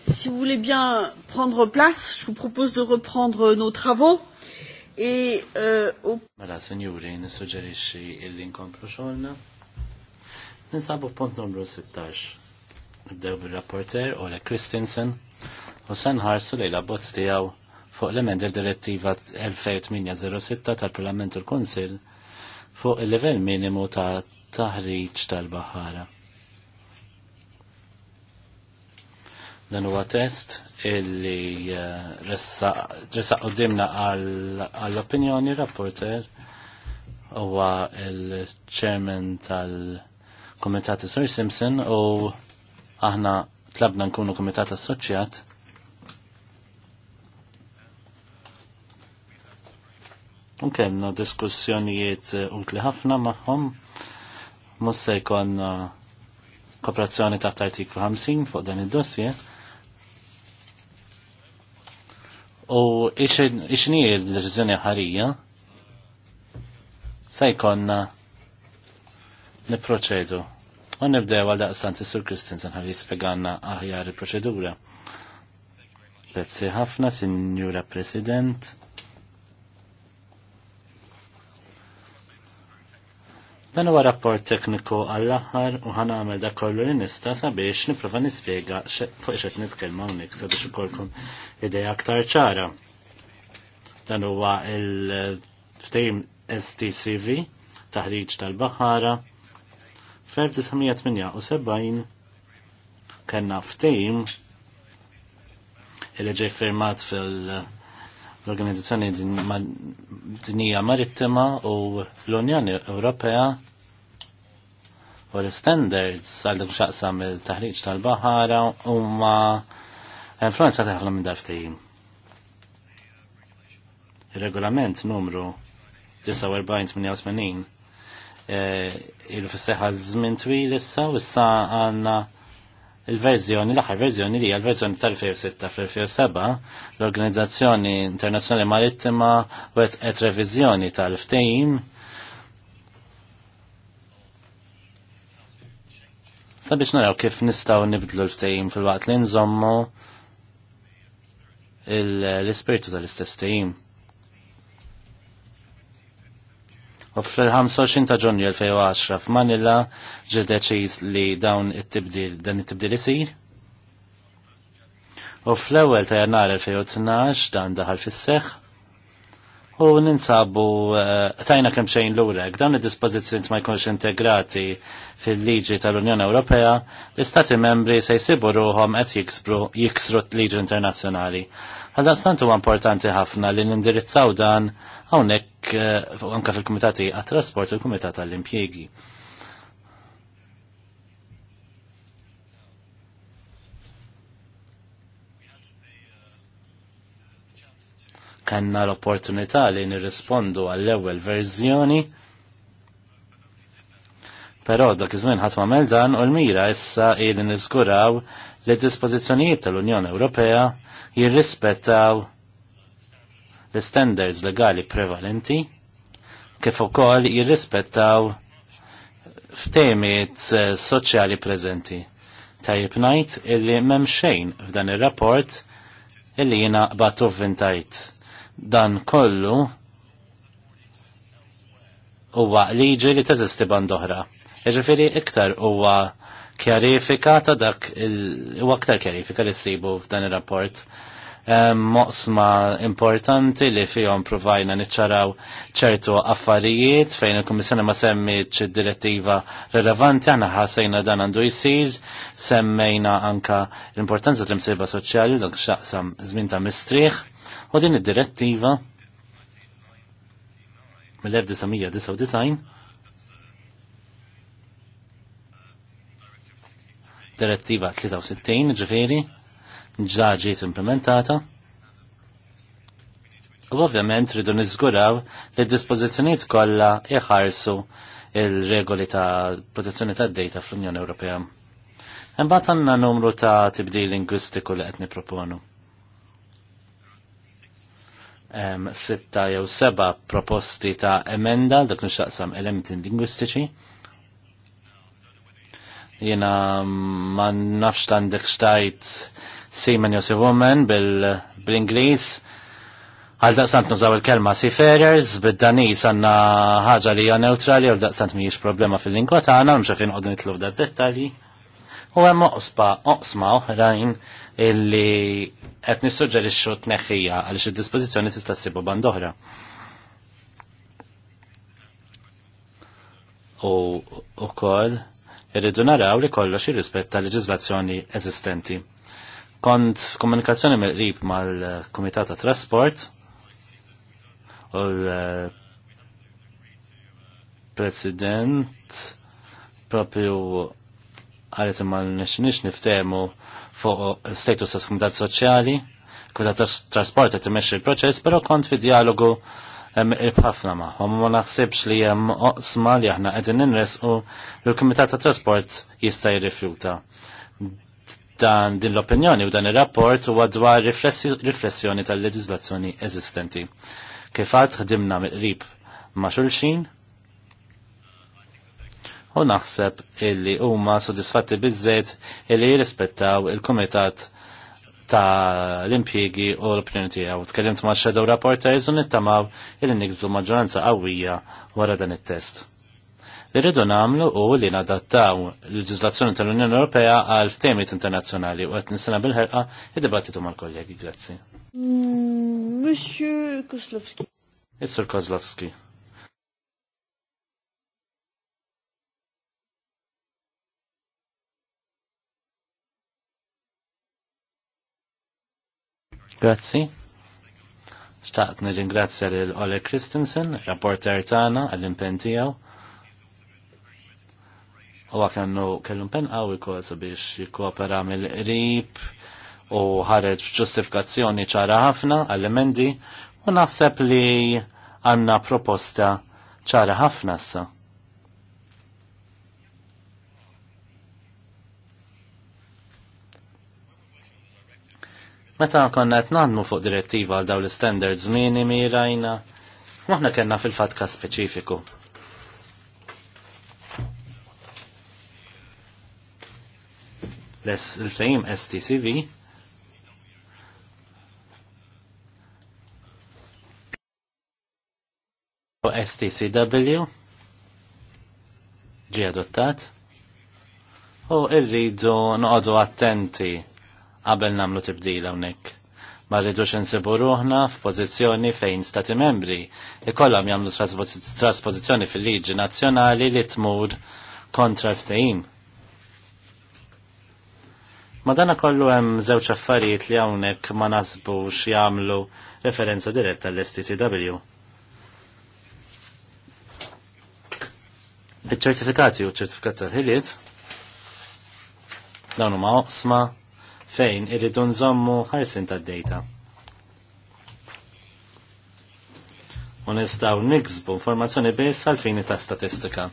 Si vous voulez bien prendre place, je vous propose de reprendre nos travaux. E, Mela, senjuri, nissuġġerixxi illi nkomplu xogħolna. Ninsabu punt numru 16. Nibdew bil rapporter Ole Christensen u se nħarsu lejn abbozz tijaw fuq l-emender direttiva 2806 tal-Parlament u l konsil fuq il level minimu ta' taħriġ tal-Baħara. Dan huwa test illi eh, ressaq qoddimna għall-opinjoni rapporter huwa il-chairman tal-Komitat Sir Simpson u aħna tlabna nkunu komitat assoċjat Unkemna diskussjonijiet eh, utli ħafna maħħom, mussa jkun kooperazzjoni taħt artiklu 50 fuq dan id-dossier. U ixni il reżjoni ħarija sajkonna niproċedu. U nibdew għal daqstant Sur Kristinsen ħalli jispjeganna aħjar il-proċedura. see ħafna, Signora President. Dan huwa rapport tekniku għall-aħħar u għamel da kollu li nista sabiex nipprova nispjega fuq xed nitkellma hawnhekk sabiex ukollkom idea aktar ċara. Dan huwa il ftehim STCV, taħriġ tal-Baħara, f'1978 kellna ftehim ftejm il-ġej firmat fil- l-Organizzazzjoni Dinija Marittima u l-Unjoni Ewropea u l-standards għal dak xaqsam il-taħriġ tal-bahara u ma influenza taħlu minn darftijim. Il-regolament numru 49-88 il-fisseħa l-żmien twil issa u issa għanna il-verżjoni, l-aħħar verżjoni li l-verżjoni tal-2006 fl-2007 l-Organizzazzjoni Internazzjonali Marittima wet qed reviżjoni tal-ftehim sabiex naraw kif nistgħu nibdlu l-ftehim fil-waqt li nżommu l-ispirtu tal-istess ftehim. U fl-25 ta' ġunju 2010 f'Manila ġi deċiż li dawn it-tibdil dan it-tibdil isir. U fl-ewwel ta' jannar 2012 dan daħal fis-seħħ u ninsabu eh, tajna kemm xejn lurek dan id-dispożizzjoni ma jkunx integrati fil-liġi tal-Unjoni Ewropea l-Istati membri se jsibu ruhom qed jiksru t-liġi internazzjonali. Għadda stant huwa importanti ħafna li nindirizzaw dan hawnhekk eh, anke fil-Kumitati għat-Trasport il l-Kumitat għall-Impjiegi. kanna l-opportunità li nirrispondu għall-ewwel verżjoni. Però dak iż-żmien ħadd ma' dan u l-mira issa ili niżguraw li dispożizzjonijiet tal-Unjoni Ewropea jirrispettaw l-standards legali prevalenti kif ukoll jirrispettaw f'temiet eh, soċjali preżenti. Tajib ngħid illi m'hemm xejn f'dan ir-rapport illi jiena batu vvintajt. Dan kollu huwa liġi li teżisti band oħra. Jiġifieri iktar huwa kjarifika ta' dak u aktar kjarifika li sibu f'dan ir-rapport. Moqsma importanti li fihom provajna niċċaraw ċertu affarijiet fejn il-Kummissjoni ma semmiċ direttiva relevanti aħna ħasajna dan għandu jsir, semmejna anka l-importanza tal-imsiba soċjali dak xaqsam żmien ta' mistrieħ u din id-direttiva mill-1999 direttiva 63 ġifiri ġa ġiet implementata. U ovvjament rridu niżguraw li d-dispożizzjonijiet kollha iħarsu il-regoli ta' protezzjoni ta' data fl-Unjoni Ewropea. Imbagħad għandna numru ta' tibdil lingwistiku li qed nipproponu. Sitta jew seba' proposti ta' emenda dak nixtaqsam elementi lingwistiċi Jena ma nafx l-għandek xtajt seaman jew woman bil-Inglis. Għal daqsant nużaw il-kelma seafarers, bid-danis għanna ħaġa li hija neutrali għal daqsant mhijiex problema fil-lingwa tagħna, mhux fejn qogħdu nitlu f'dat dettalji. U hemm oqsba oqsma oħrajn illi qed nissuġġerixxu tneħħija għaliex id-dispożizzjoni tista' s-sibu oħra. u ukoll irridu naraw li kollox jirrispetta tal-leġislazzjoni eżistenti. Kont komunikazzjoni mill-qrib mal-Kumitat ta' Trasport u l-President propju għalet imma nix niftemu fuq status ta' komitat soċjali, komitat trasport għet imexxi l-proċess, però kont fi dialogu hemm ħafna magħhom ma naħsibx li hemm oqsma li aħna qegħdin ninresqu l kumitat ta' Trasport jista' jirrifjuta. Dan din l-opinjoni u dan ir-rapport huwa dwar riflessjoni tal-leġiżlazzjoni eżistenti. Kif għad ħdimna mill-qrib ma' xulxin u naħseb illi huma sodisfatti biżżejt illi jirrispettaw il-Kumitat il kumitat ta' l impiegi u l-opinjoni għaw. Tkellimt ma' shadow rapporters u nittamaw il blu maġġoranza qawwija wara dan it-test. Li rridu nagħmlu u li nadattaw l ġizlazzjoni tal-Unjoni Ewropea għal ftehmiet internazzjonali u qed nisena bil-ħerqa id-dibattitu mal-kollegi. Grazzi. Mm, Monsieur Kozlowski. is Kozlowski. Grazzi. Xtaqt nir-ingrazzja l-Ole Christensen, rapporter tana, għall-impen tijaw. U għakannu kellu pen għawi kol sabiex jikopera mill-rib u ħareġ ġustifikazzjoni ċara ħafna għall-emendi u naħseb li għanna proposta ċara ħafna sa' Meta konna qed naħdmu fuq direttiva għal dawn l-standards minimi rajna, maħna kellna fil fatka speċifiku. Les il-fejm STCV u STCW ġi adottat u irridu noqogħdu attenti qabel namlu tibdil hawnhekk. Ma rridux insibu ruħna f'pożizzjoni fejn stati membri ikollhom jagħmlu trasposizzjoni fil-liġi nazzjonali li tmur kontra l-ftehim. Ma dana kollu hemm żewġ affarijiet li hawnhekk ma nasbux jagħmlu referenza diretta l-STCW. Iċ-ċertifikati u ċertifikat tal-ħiliet dawn huma oqsma fejn irridu nżommu ħarsin tad-data. U nistgħu niksbu informazzjoni biss għal fini ta' statistika.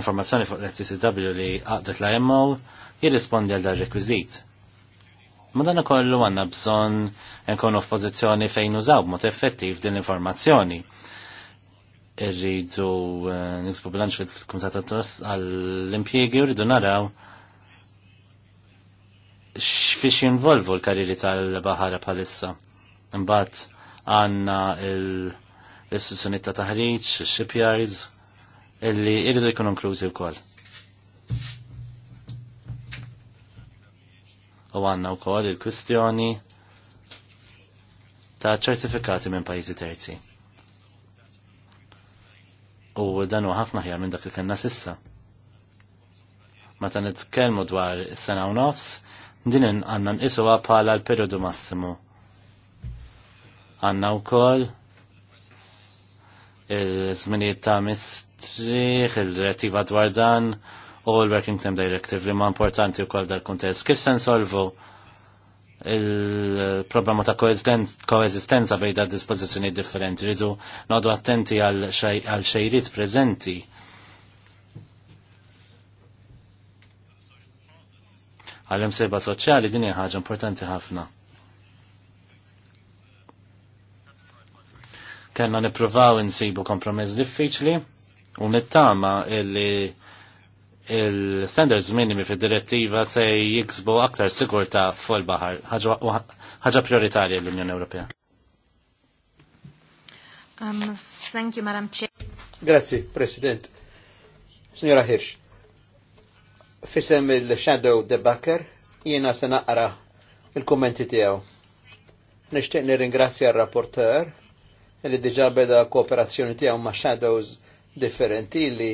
Informazzjoni fuq l-STCW li għaqdet la jemmaw jirrispondi għal dar rekwizit. Ma dan kollu għanna bżon nkunu f'pożizzjoni fejn użaw mod effettiv din l-informazzjoni irridu eh, niksbu bilanċ fil-Kumitat tras għall-impjiegi u rridu naraw x'fiex jinvolvu l-karriri tal-Baħara bħalissa. Imbagħad għandna l-istituzzjoni ta' taħriġ, shipyards, illi irridu jkunu inklużi wkoll. U għandna wkoll il-kwistjoni ta' ċertifikati minn pajjiżi terzi u dan huwa ħafna ħjar minn dak li kellna sissa. Meta nitkellmu dwar sena u nofs, din għandna nqisuha bħala l-periodu massimu. Għandna wkoll il-żminijiet ta' mistrieħ, il rettiva dwar dan u l-Working Time Directive li ma' importanti wkoll dal-kuntest. Kif se nsolvu? il-problema ta' koeżistenza bejn da' dispożizzjoni differenti. Ridu nodu attenti għal xejrit preżenti. Għal seba soċjali din hija ħaġa importanti ħafna. Kenna nippruvaw insibu kompromess diffiċli u nittama illi il-standards minimi fid direttiva se jiksbu aktar sigurta fuq il-bahar, ħaġa prioritarja l-Unjoni Ewropea. Um, thank you, Madam Chair. Grazie, President. Signora Hirsch, fissem il-Shadow debaker jiena se naqra il-kommenti tiegħu. Nixtieq nirringrazzja r-rapporter li diġa beda kooperazzjoni tiegħu ma' shadows differenti li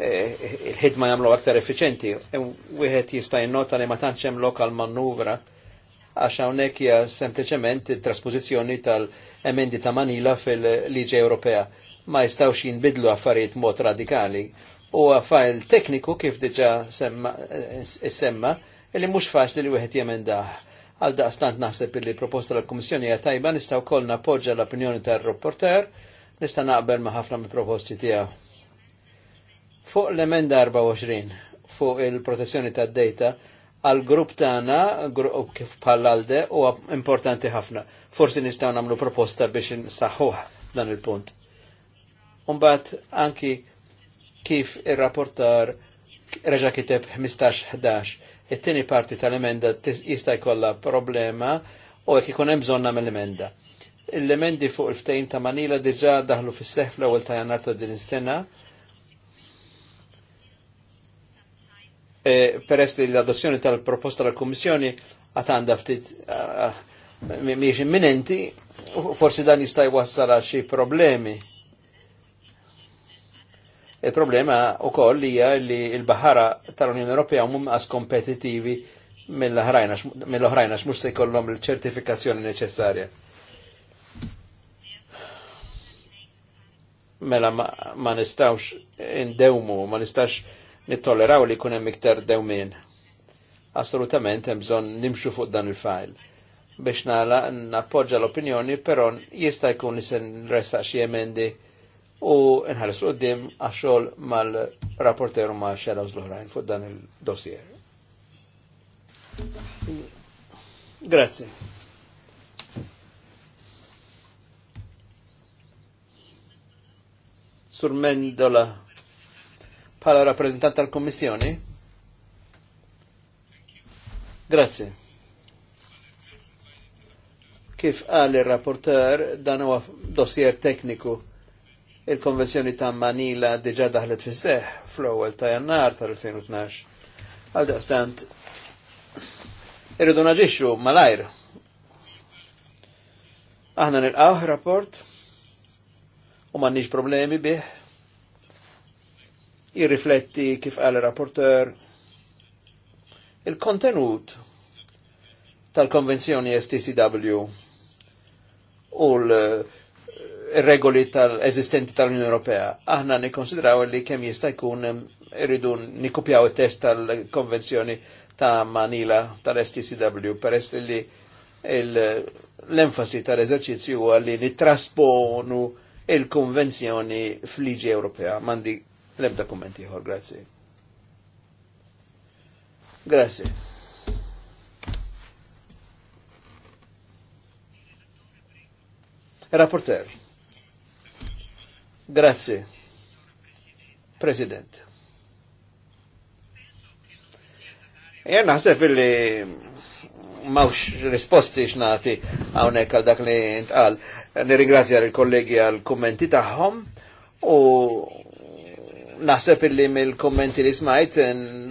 il-ħidma jagħmlu aktar effiċenti. E wieħed jista' jinnota li ma tantx hemm lokal manuvra għax hawnhekk hija sempliċement it-trasposizzjoni tal-emendi ta' Manila fil-liġi Ewropea. Ma jistgħux jinbidlu affarijiet mod radikali. U fajl tekniku kif diġà eh, semma, li mhux faċli li wieħed jemendah. Għal daqstant naħseb li proposta tal-Kummissjoni hija tajba nistgħu kollna poġġa l-opinjoni tar-rapporter, nista' naqbel ma' ħafna mill-proposti tiegħu Fuq l-emenda 24 fuq il-protezzjoni tad data għal grupp tagħna grupp kif bħall-alde huwa importanti ħafna. Forsi nistgħu nagħmlu proposta biex nsaħħuh dan il-punt. Umbat anki kif ir-rapportar reġa kiteb 15-11, it-tieni parti tal-emenda jista' jkollha problema u jekk ikun hemm bżonna mill-emenda. L-emendi fuq il-ftehim ta' Manila diġà daħlu fis-seħf l-ewwel ta' jannar ta' din is-sena E, peress li l-adozzjoni tal-proposta tal-Kummissjoni għanda ftit miex imminenti, forsi dan jista' jwassal għal xi problemi. Il-problema u koll hija li l-bahara tal-Unjoni Ewropea mhum as kompetitivi mill-oħrajn għax mhux se jkollhom il-ċertifikazzjoni neċessarja. Mela ma nistawx indewmu, ma nistax nittolleraw li jkun hemm iktar dewmien. Assolutament hemm bżonn nimxu fuq dan il-fajl. Biex nala nappoġġa l-opinjoni, però jista' jkun li se resta xi emendi u nħares qudiem għax għaxol mal rapporteru ma' shadows l-oħrajn fuq dan il-dossier. Grazie. Sur Mendola bħala rappresentant tal-Kommissjoni. Grazzi. Kif qal il rapporteur dan huwa dossier tekniku il-konvenzjoni ta' Manila diġa daħlet fis seħ fl-ewwel ta' Jannar tal-2012. Għal daqstant irridu naġixxu malajr. Aħna nilqgħu rapport u m'għandniex problemi bih jirrifletti kif għal rapporteur il-kontenut tal-konvenzjoni STCW u l-regoli eh, tal-eżistenti tal-Unjoni Ewropea. Aħna nikkonsidraw li kemm jista' jkun irridu nikkupjaw it-test tal-konvenzjoni ta' Manila tal-STCW peress li l-enfasi tal-eżerċizzju huwa li nittrasponu il-konvenzjoni fl-liġi Ewropea. Mandi Lebda kommenti ħor, grazie. Grazie. Rapporter. Grazie. President. Jena naħseb illi mawx risposti xnaħti għawnek għal dak li intqal. Nirringrazzja l-kollegi għal kommenti taħħom u naħseb illi mill-kommenti li smajt,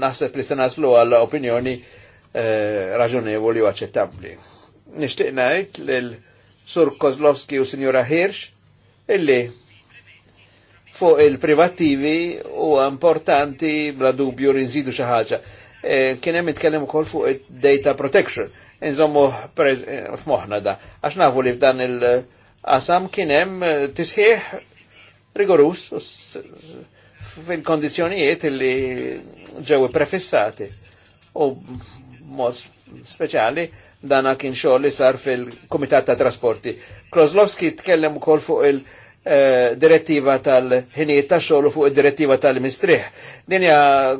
naħseb li se naslu għall opinjoni eh, raġonevoli u aċċettabbli. Nixtieq ngħid l Sur Kozlowski u Signora Hirsch illi fuq il-privattivi u importanti bla dubju rinżidu xi ħaġa. E, Kien hemm itkellem ukoll fuq data protection. Inżommu eh, f'moħħna da. Għax nafu li f'dan il-qasam kien hemm tisħiħ rigorus fil-kondizjonijiet li ġew prefissati. U mod speċjali dana kien xogħol li sar fil-Kumitat ta' Trasporti. Klozlowski tkellem ukoll fuq il- eh, direttiva tal-ħinijiet ta' xogħol fuq id-direttiva tal-mistrieħ. Din hija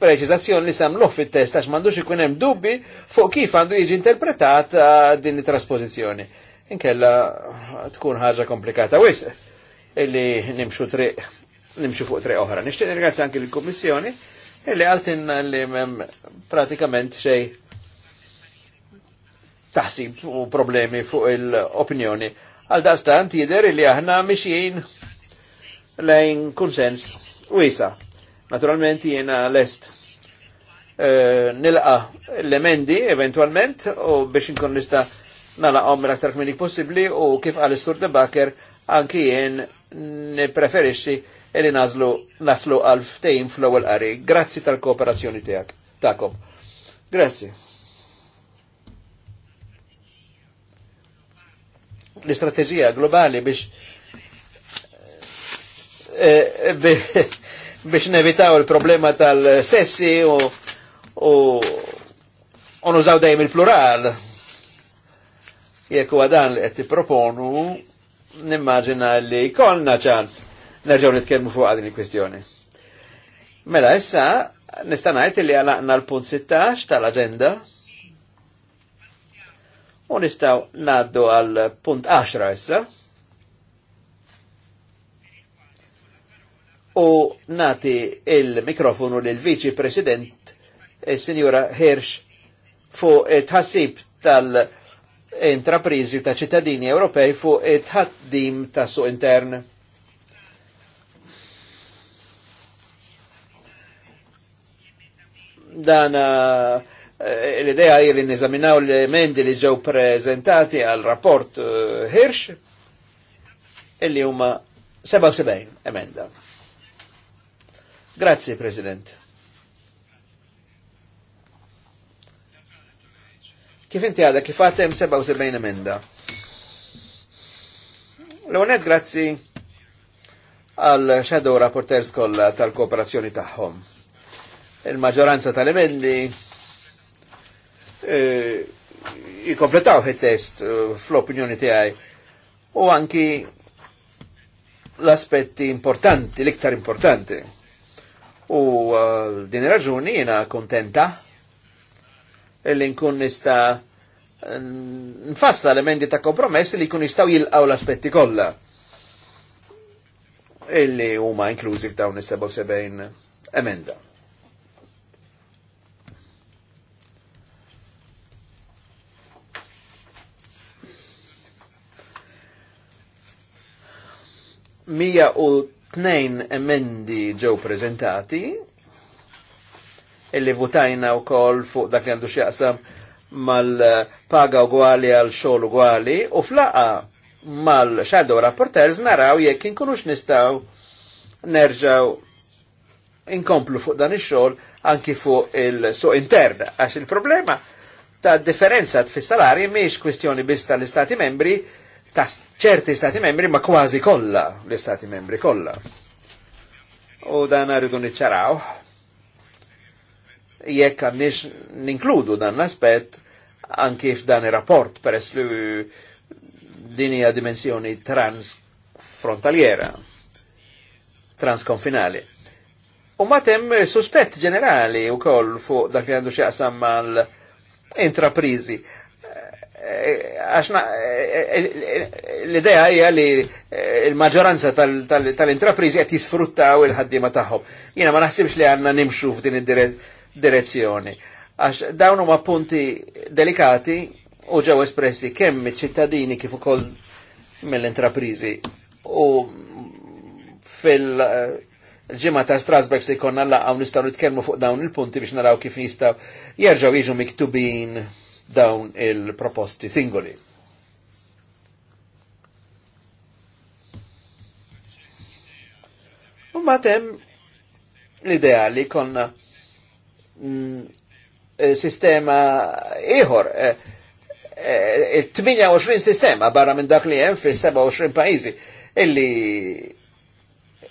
preċizazzjoni li samluħ fit-test għax m'għandux ikun hemm dubbi fuq kif għandu jiġi interpretat eh, din it-trasposizzjoni. Inkella tkun ħaġa komplikata wisq illi nimxu triq nimxu fuq tre oħra. Nishtiq ringrazzja anki l kummissjoni illi għaltinna li mem pratikament xej taħsib u problemi fuq il-opinjoni. Għal dastan tider li aħna miexjien lejn konsens u isa. Naturalment jena lest eh, nilqa l-emendi eventualment u biex nkun nista nalaqom l-aktar kmini possibli u kif għal-istur debaker anki jien nipreferixi li nazlu naslu għal ftejn fl-ewwel qari. Grazzi tal-kooperazzjoni tiegħek tagħkom. Grazzi. L-istrateġija globali biex eh, eh, biex nevitaw il-problema tal-sessi u u nużaw dajem il-plural. Jekk huwa dan li qed tipproponu nimmaġina li konna ċans nerġaw nitkelmu fuq għadin il-kwestjoni. Mela, issa, nistanajt li għalaqna l-punt 16 tal-agenda u nistaw naddu għal punt 10 issa. U nati il-mikrofonu l viċi President, il-Sinjura Hirsch, fuq tħassib tal- intraprizi ta' ċittadini Ewropej fuq it-ħaddim ta' suq intern. Dan eh, l-idea hi li niżaminaw l-emendi li ġew prezentati għal rapport eh, Hirsch illi huma 77 emenda. Grazie, Presidente. Kif inti għadha kif għatem 77 emenda. L-għonet grazzi għal shadow rapporters kollha tal-kooperazzjoni taħħom. Il-maġġoranza tal-emendi eh, jikompletaw il-test eh, fl-opinjoni tiegħi u anki l-aspetti importanti, l-iktar importanti. U uh, din raġuni jena kontenta illi nkun nista eh, nfassa l-emendi ta' kompromess li kun jistaw jilqaw l-aspetti kollha illi huma inklużi f'dawn is-77 emenda. Mija u tnejn emendi ġew prezentati illi votajna u kol fuq dak li għandu xieqsam mal-paga ugwali għal xogħol uguali, u flaqa mal-shadow rapporters naraw jekk inkunux nistaw nerġaw inkomplu fuq dan ix-xogħol anki fuq il-suq intern għax il-problema ta' differenza fis salari miex kwistjoni biss tal-istati membri ta' ċerti stati membri ma kważi kollha l-istati membri kollha. U dan rridu niċċaraw jekk għannix ninkludu dan l-aspet anki f'dan il-rapport peress li dinija dimensjoni transfrontaliera, transkonfinali. U matem suspett ġenerali u koll fuq dak li għandu xieqsam mal intraprizi. Eh, Għaxna, eh, eh, l-ideja hija li il-maġġoranza tal-intraprizi qed jisfruttaw il-ħaddiema tagħhom. Jiena ma naħsibx li għandna nimxu f'din id-direzzjoni direzzjoni. Għax dawn huma punti delikati u ġew espressi kemm iċ ċittadini kif ukoll mill-intraprizi. U fil-ġimgħa ta' Strasberg se jkollna laqgħu nistgħu nitkellmu fuq dawn il-punti biex naraw kif jistgħu jerġgħu jiġu miktubin dawn il-proposti singoli. U matem l-idea li konna Mm, eh, sistema iħor. Eh, eh, il 28 sistema barra minn dak li jem fi 27 pajizi illi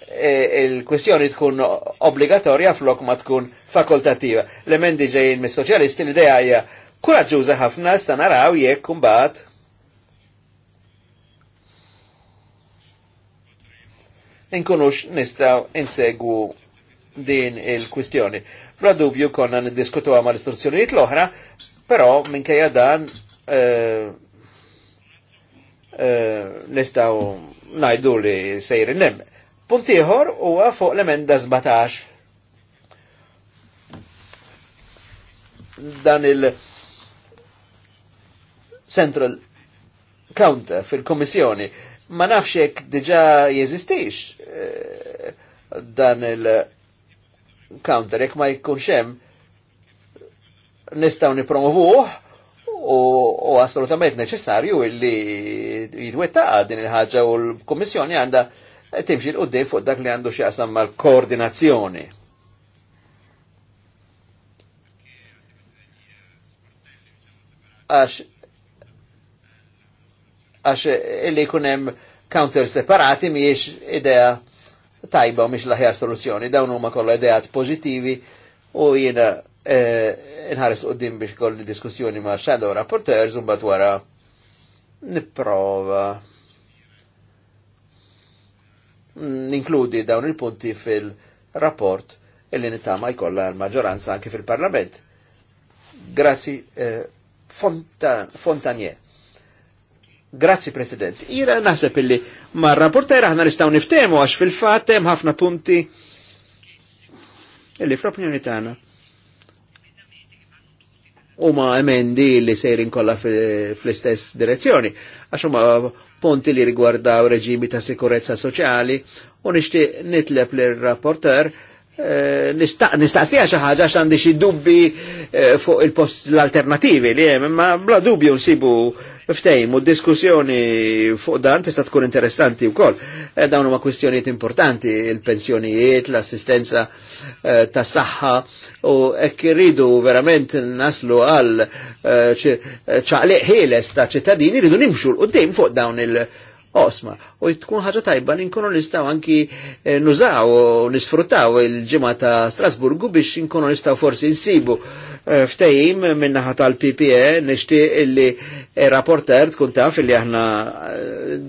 il-kwestjoni tkun obbligatorja flok ma tkun fakultativa. L-emendi ġejn mis-soċjalisti l ideja hija kuraġuża ħafna sta naraw jekk imbagħad inkunux nistaw insegwu din il-kwistjoni. Bla dubju konna niddiskutu ma l-istruzzjonijiet l-oħra, però minkejja dan eh, eh, nistaw najdu li sejri nem. Puntiħor ieħor huwa fuq l-emenda 17. Dan il- Central Counter fil-Komissjoni ma nafx diġa jeżistix eh, dan il- counter, jek ma jkun xem, nistaw nipromovuh u assolutament neċessarju illi jitwettaqa din il ħagġa u l-Kommissjoni għandha timxi l-qoddim fuq dak li għandu x'jaqsam mal-koordinazzjoni. Għax għax illi kunem counter separati miex idea tajba u mhix l-aħjar soluzzjoni. Dawn huma kollha ideat pożittivi u jiena eh, inħares qudiem biex kolli diskussjoni ma' shadow rapporteurs u mbagħad wara nipprova ninkludi dawn il-punti fil-rapport illi nittama jkollha l-maġġoranza anke fil-Parlament. Grazzi eh, Fontanier. Grazzi President. Ira naħseb illi ma' rapporter aħna nistgħu niftehmu għax fil-fatt hemm ħafna punti illi fl-opinjoni tagħna huma emendi li sejrin kollha fl-istess direzzjoni għax huma punti li rigwardaw reġimi ta' sikurezza soċjali u nixtieq nitleb lir rapporter Eh, nistaqsija xi ħaġa għax għandi xi dubbi eh, fuq il-post l-alternativi li hemm, imma bla dubju nsibu ftejmu, u diskussjoni fuq dan tista' tkun interessanti wkoll. Eh, dawn huma kwistjonijiet importanti, il-pensjonijiet, l-assistenza tas saħħa u hekk iridu verament naslu għal ċaqliq ħieles ta' ċittadini rridu nimxu l-qudiem fuq dawn il- osma. U tkun ħaġa tajba li nkunu nistaw anki eh, nużaw u nisfruttaw il-ġimgħa ta' Strasburgu biex nkunu nistaw forsi nsibu eh, ftejim minnaħa tal-PPE nishti illi eh, rapporter tkun taf illi aħna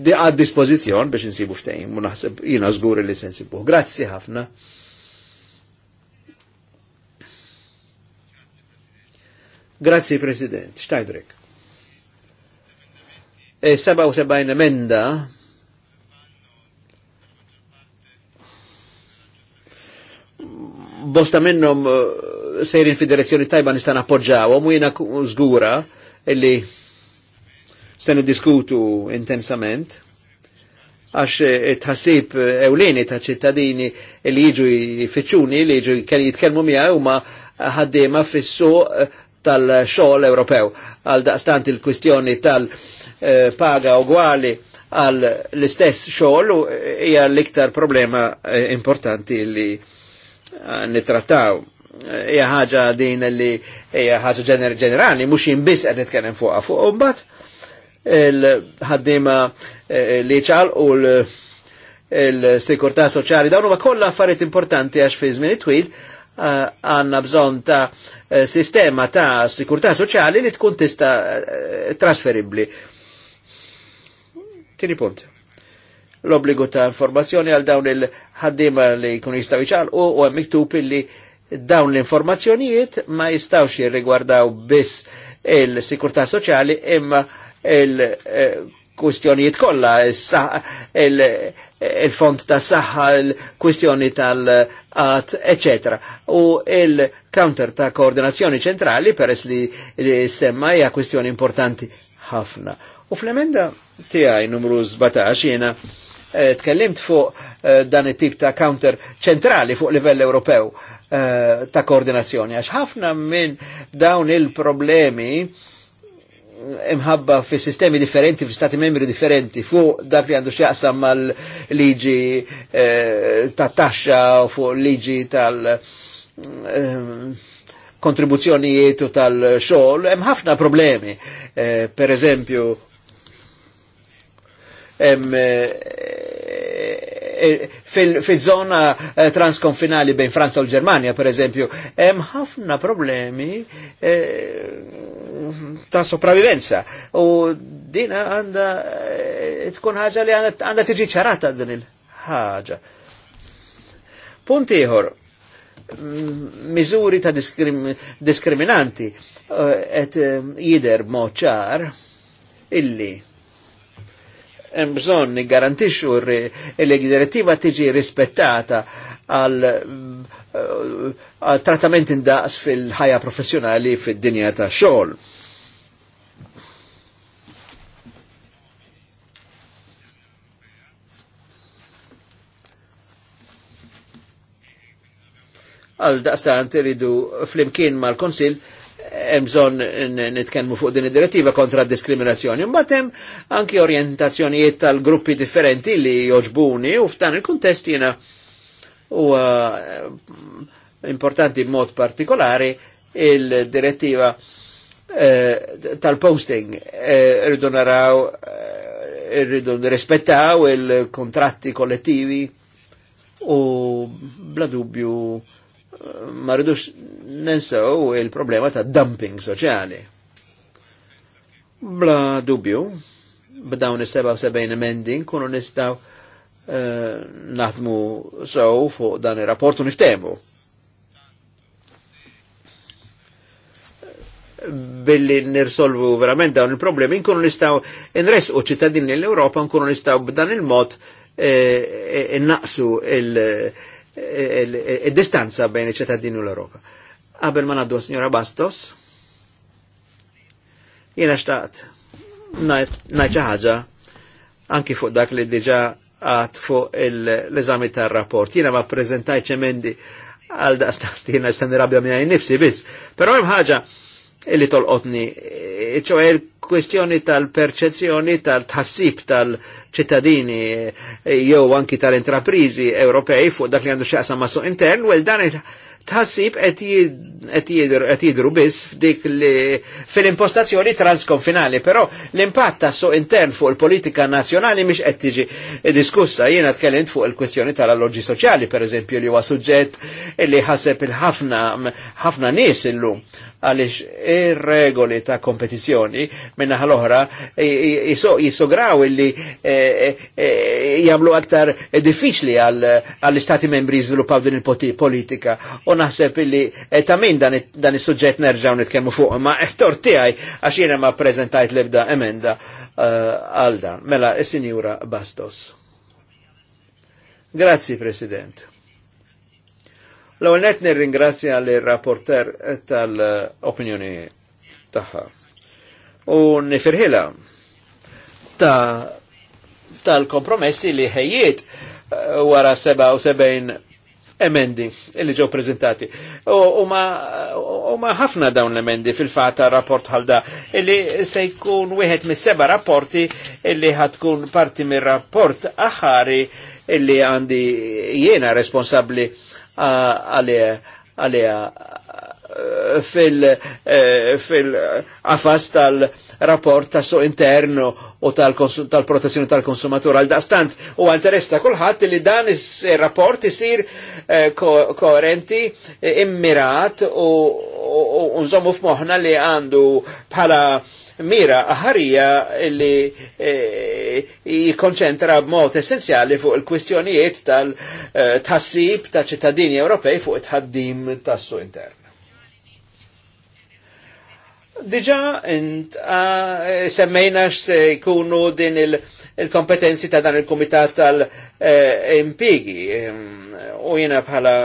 għad dispozizjon biex nsibu ftejim u naħseb jina zgur illi sensibu. Grazzi ħafna. Grazzi President, xtajdrek. 77 eh, emenda bosta minnom eh, sejrin fi direzzjoni tajba nistan appoġġawhom u jiena zgura illi se diskutu intensament għax eh, tħassib ewleni ta' ċittadini li jiġu jfittxuni li jiġu jitkelmu mija u ma ħaddiema fis-suq tal xol Ewropew. Għal daqstant il-kwistjoni tal-, -tal Eh, paga uguali għal l-istess xogħol u eh, hija l-iktar problema eh, importanti li nitrattaw hija ħaġa din li hija ħaġa ġenerali mhux jinbiss qed nitkellem fuqha fuq imbagħad il-ħaddiema li ċal u l-sikurtà soċjali dawn huma kollha affarijiet importanti għax fi żmien twil għanna bżon ta' sistema ta' sikurtà soċjali li tkun tista' trasferibbli Tini punt. L-obbligu ta' informazzjoni għal dawn il-ħaddima li kun jistaw iċal u għem miktub illi dawn l-informazzjonijiet ma jistawx jirrigwardaw biss il-sikurta soċjali imma il-kustjonijiet kollha il-fond ta' saħħa, il kustjoni tal għat etc. U il-counter ta' koordinazzjoni ċentrali peress li semma hija kustjoni importanti ħafna. U fl-emenda tiegħi numru 17 jiena eh, tkellimt fuq eh, dan it-tip ta' counter ċentrali fuq livell Ewropew eh, ta' koordinazzjoni għax ħafna minn dawn il-problemi imħabba fi sistemi differenti, fi stati membri differenti, fuq dak li għandu xjaqsam mal liġi ta' taxxa u fuq liġi tal eh, kontribuzzjonijiet u tal-xogħol, hemm ħafna problemi. Eh, per eżempju, Eh, eh, fil-zona eh, transkonfinali bejn Franza u l-Germania, per eżempju, hemm ħafna problemi ta' sopravivenza. U dina għanda tkun ħaġa li għanda tiġi ċarata din il-ħaġa. Punt ieħor, miżuri ta' diskriminanti qed jider moċar illi hemm bżonn niggarantixxu l direttiva tiġi rispettata eh, għal trattament indaqs fil-ħajja professjonali fid-dinja ta' xogħol. Għal daqstant iridu flimkien mal-Konsil bżon nitkellmu fuq din id-direttiva kontra diskriminazzjoni. Mbagħad hemm anki orientazzjonijiet tal-gruppi differenti li joġbuni u f'dan il-kuntest jiena u eh, importanti b'mod partikolari il-direttiva eh, tal-posting. Eh, irridu naraw, irridu rispettaw il-kontratti kollettivi u bla dubju ma rridux nensaw il-problema ta' dumping soċjali. Bla dubju, b'dawn is-77 emendi nkunu nistgħu uh, eh, naħdmu sew fuq dan ir-rapport u niftehmu. billi nirsolvu verament dawn il-problemi nkunu nistaw inres u ċittadini l-Europa nkunu nistaw b'dan il-mod eh, innaqsu il- il-distanza bejn iċ-ċittadini u l-Europa. Qabel ma naddu signora Bastos, jena xtaqt ngħid xi anki fuq dak li diġa għat fuq l-eżami tar-rapport. Jena ma ppreżentajt emendi għal da daqstant jena stan rabja minn nifsi bis. Pero jem ħaġa illi tolqotni, ċoħe er kwestjoni tal-perċezzjoni tal-tħassib tal-ċittadini eh, jew anki tal-intraprizi Ewropej fuq dak li għandu xaqsa ma' suq intern, well dan tħassib qed jidru biss f'dik li fil-impostazzjoni transkonfinali, però l-impatt ta' suq intern fuq il-politika nazzjonali mhix qed tiġi diskussa. Jiena tkellimt fuq il-kwestjoni tal-alloġi soċjali, per eżempju, li huwa suġġett li ħaseb il-ħafna ħafna nies illum għalix ir-regoli ta' kompetizzjoni minna ħal ohra jisograw illi eh, eh, eh, jamlu aktar diffiċli għall-istati membri jiżviluppaw din il-politika u naħseb illi ta' min dan is-suġġett nerġaw nitkemmu fuq ma' ektor tiegħi għax jiena ma prezentajt l-ebda emenda għal dan. Mela, signora Bastos. Grazie, Presidente. L-ewwel net nirringrazzja l rapporter tal-opinjoni tagħha. U nifirħila tal-kompromessi li ħejjiet eh, wara 77 emendi li ġew prezentati. U ma ħafna dawn l-emendi fil-fat rapport ħalda illi se jkun wieħed mis-seba rapporti illi ħatkun parti mir-rapport aħari illi għandi jiena responsabli għalija fil-qafas fil għafas eh, tal rapport ta' so internu u tal-protezzjoni tal-konsumatur għal dastant u għal-teresta kullħat li dan il eh, rapport isir eh, koherenti immirat u nżommu f'moħħna li għandu bħala mira ħarija li eh, jikonċentra b'mod essenzjali fuq il-kwistjonijiet tal-tħassib ta' ċittadini Ewropej fuq it-ħaddim tassu intern. Dġa, int, semmejna x jkunu din il-kompetenzi ta' dan il-Komitat tal-Impigi eh, u jena bħala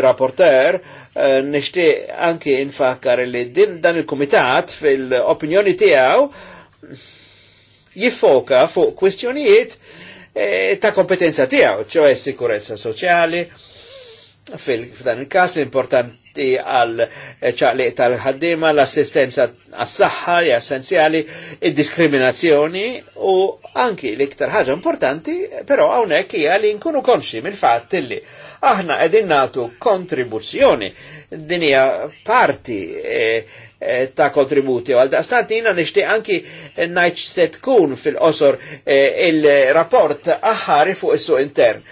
rapporter, eh, nishti anki infakkar li din dan il-komitat fil-opinjoni tijaw jiffoka fuq kwestjonijiet eh, ta' kompetenza tijaw, ċoħe sikurezza soċjali, fil-dan il-kas l-importanti diritti għal eh, ċaqliq tal-ħaddima, l-assistenza għas-saħħa essenzjali, id-diskriminazzjoni u anki l-iktar ħaġa importanti, però hawnhekk hija li nkunu konxi mill-fatt li aħna qegħdin nagħtu kontribuzzjoni din hija parti eh, eh, ta' kontributi. Għal daqstant jina nishti anki najċ se tkun fil-qosor il-rapport aħħari fuq is-suq intern.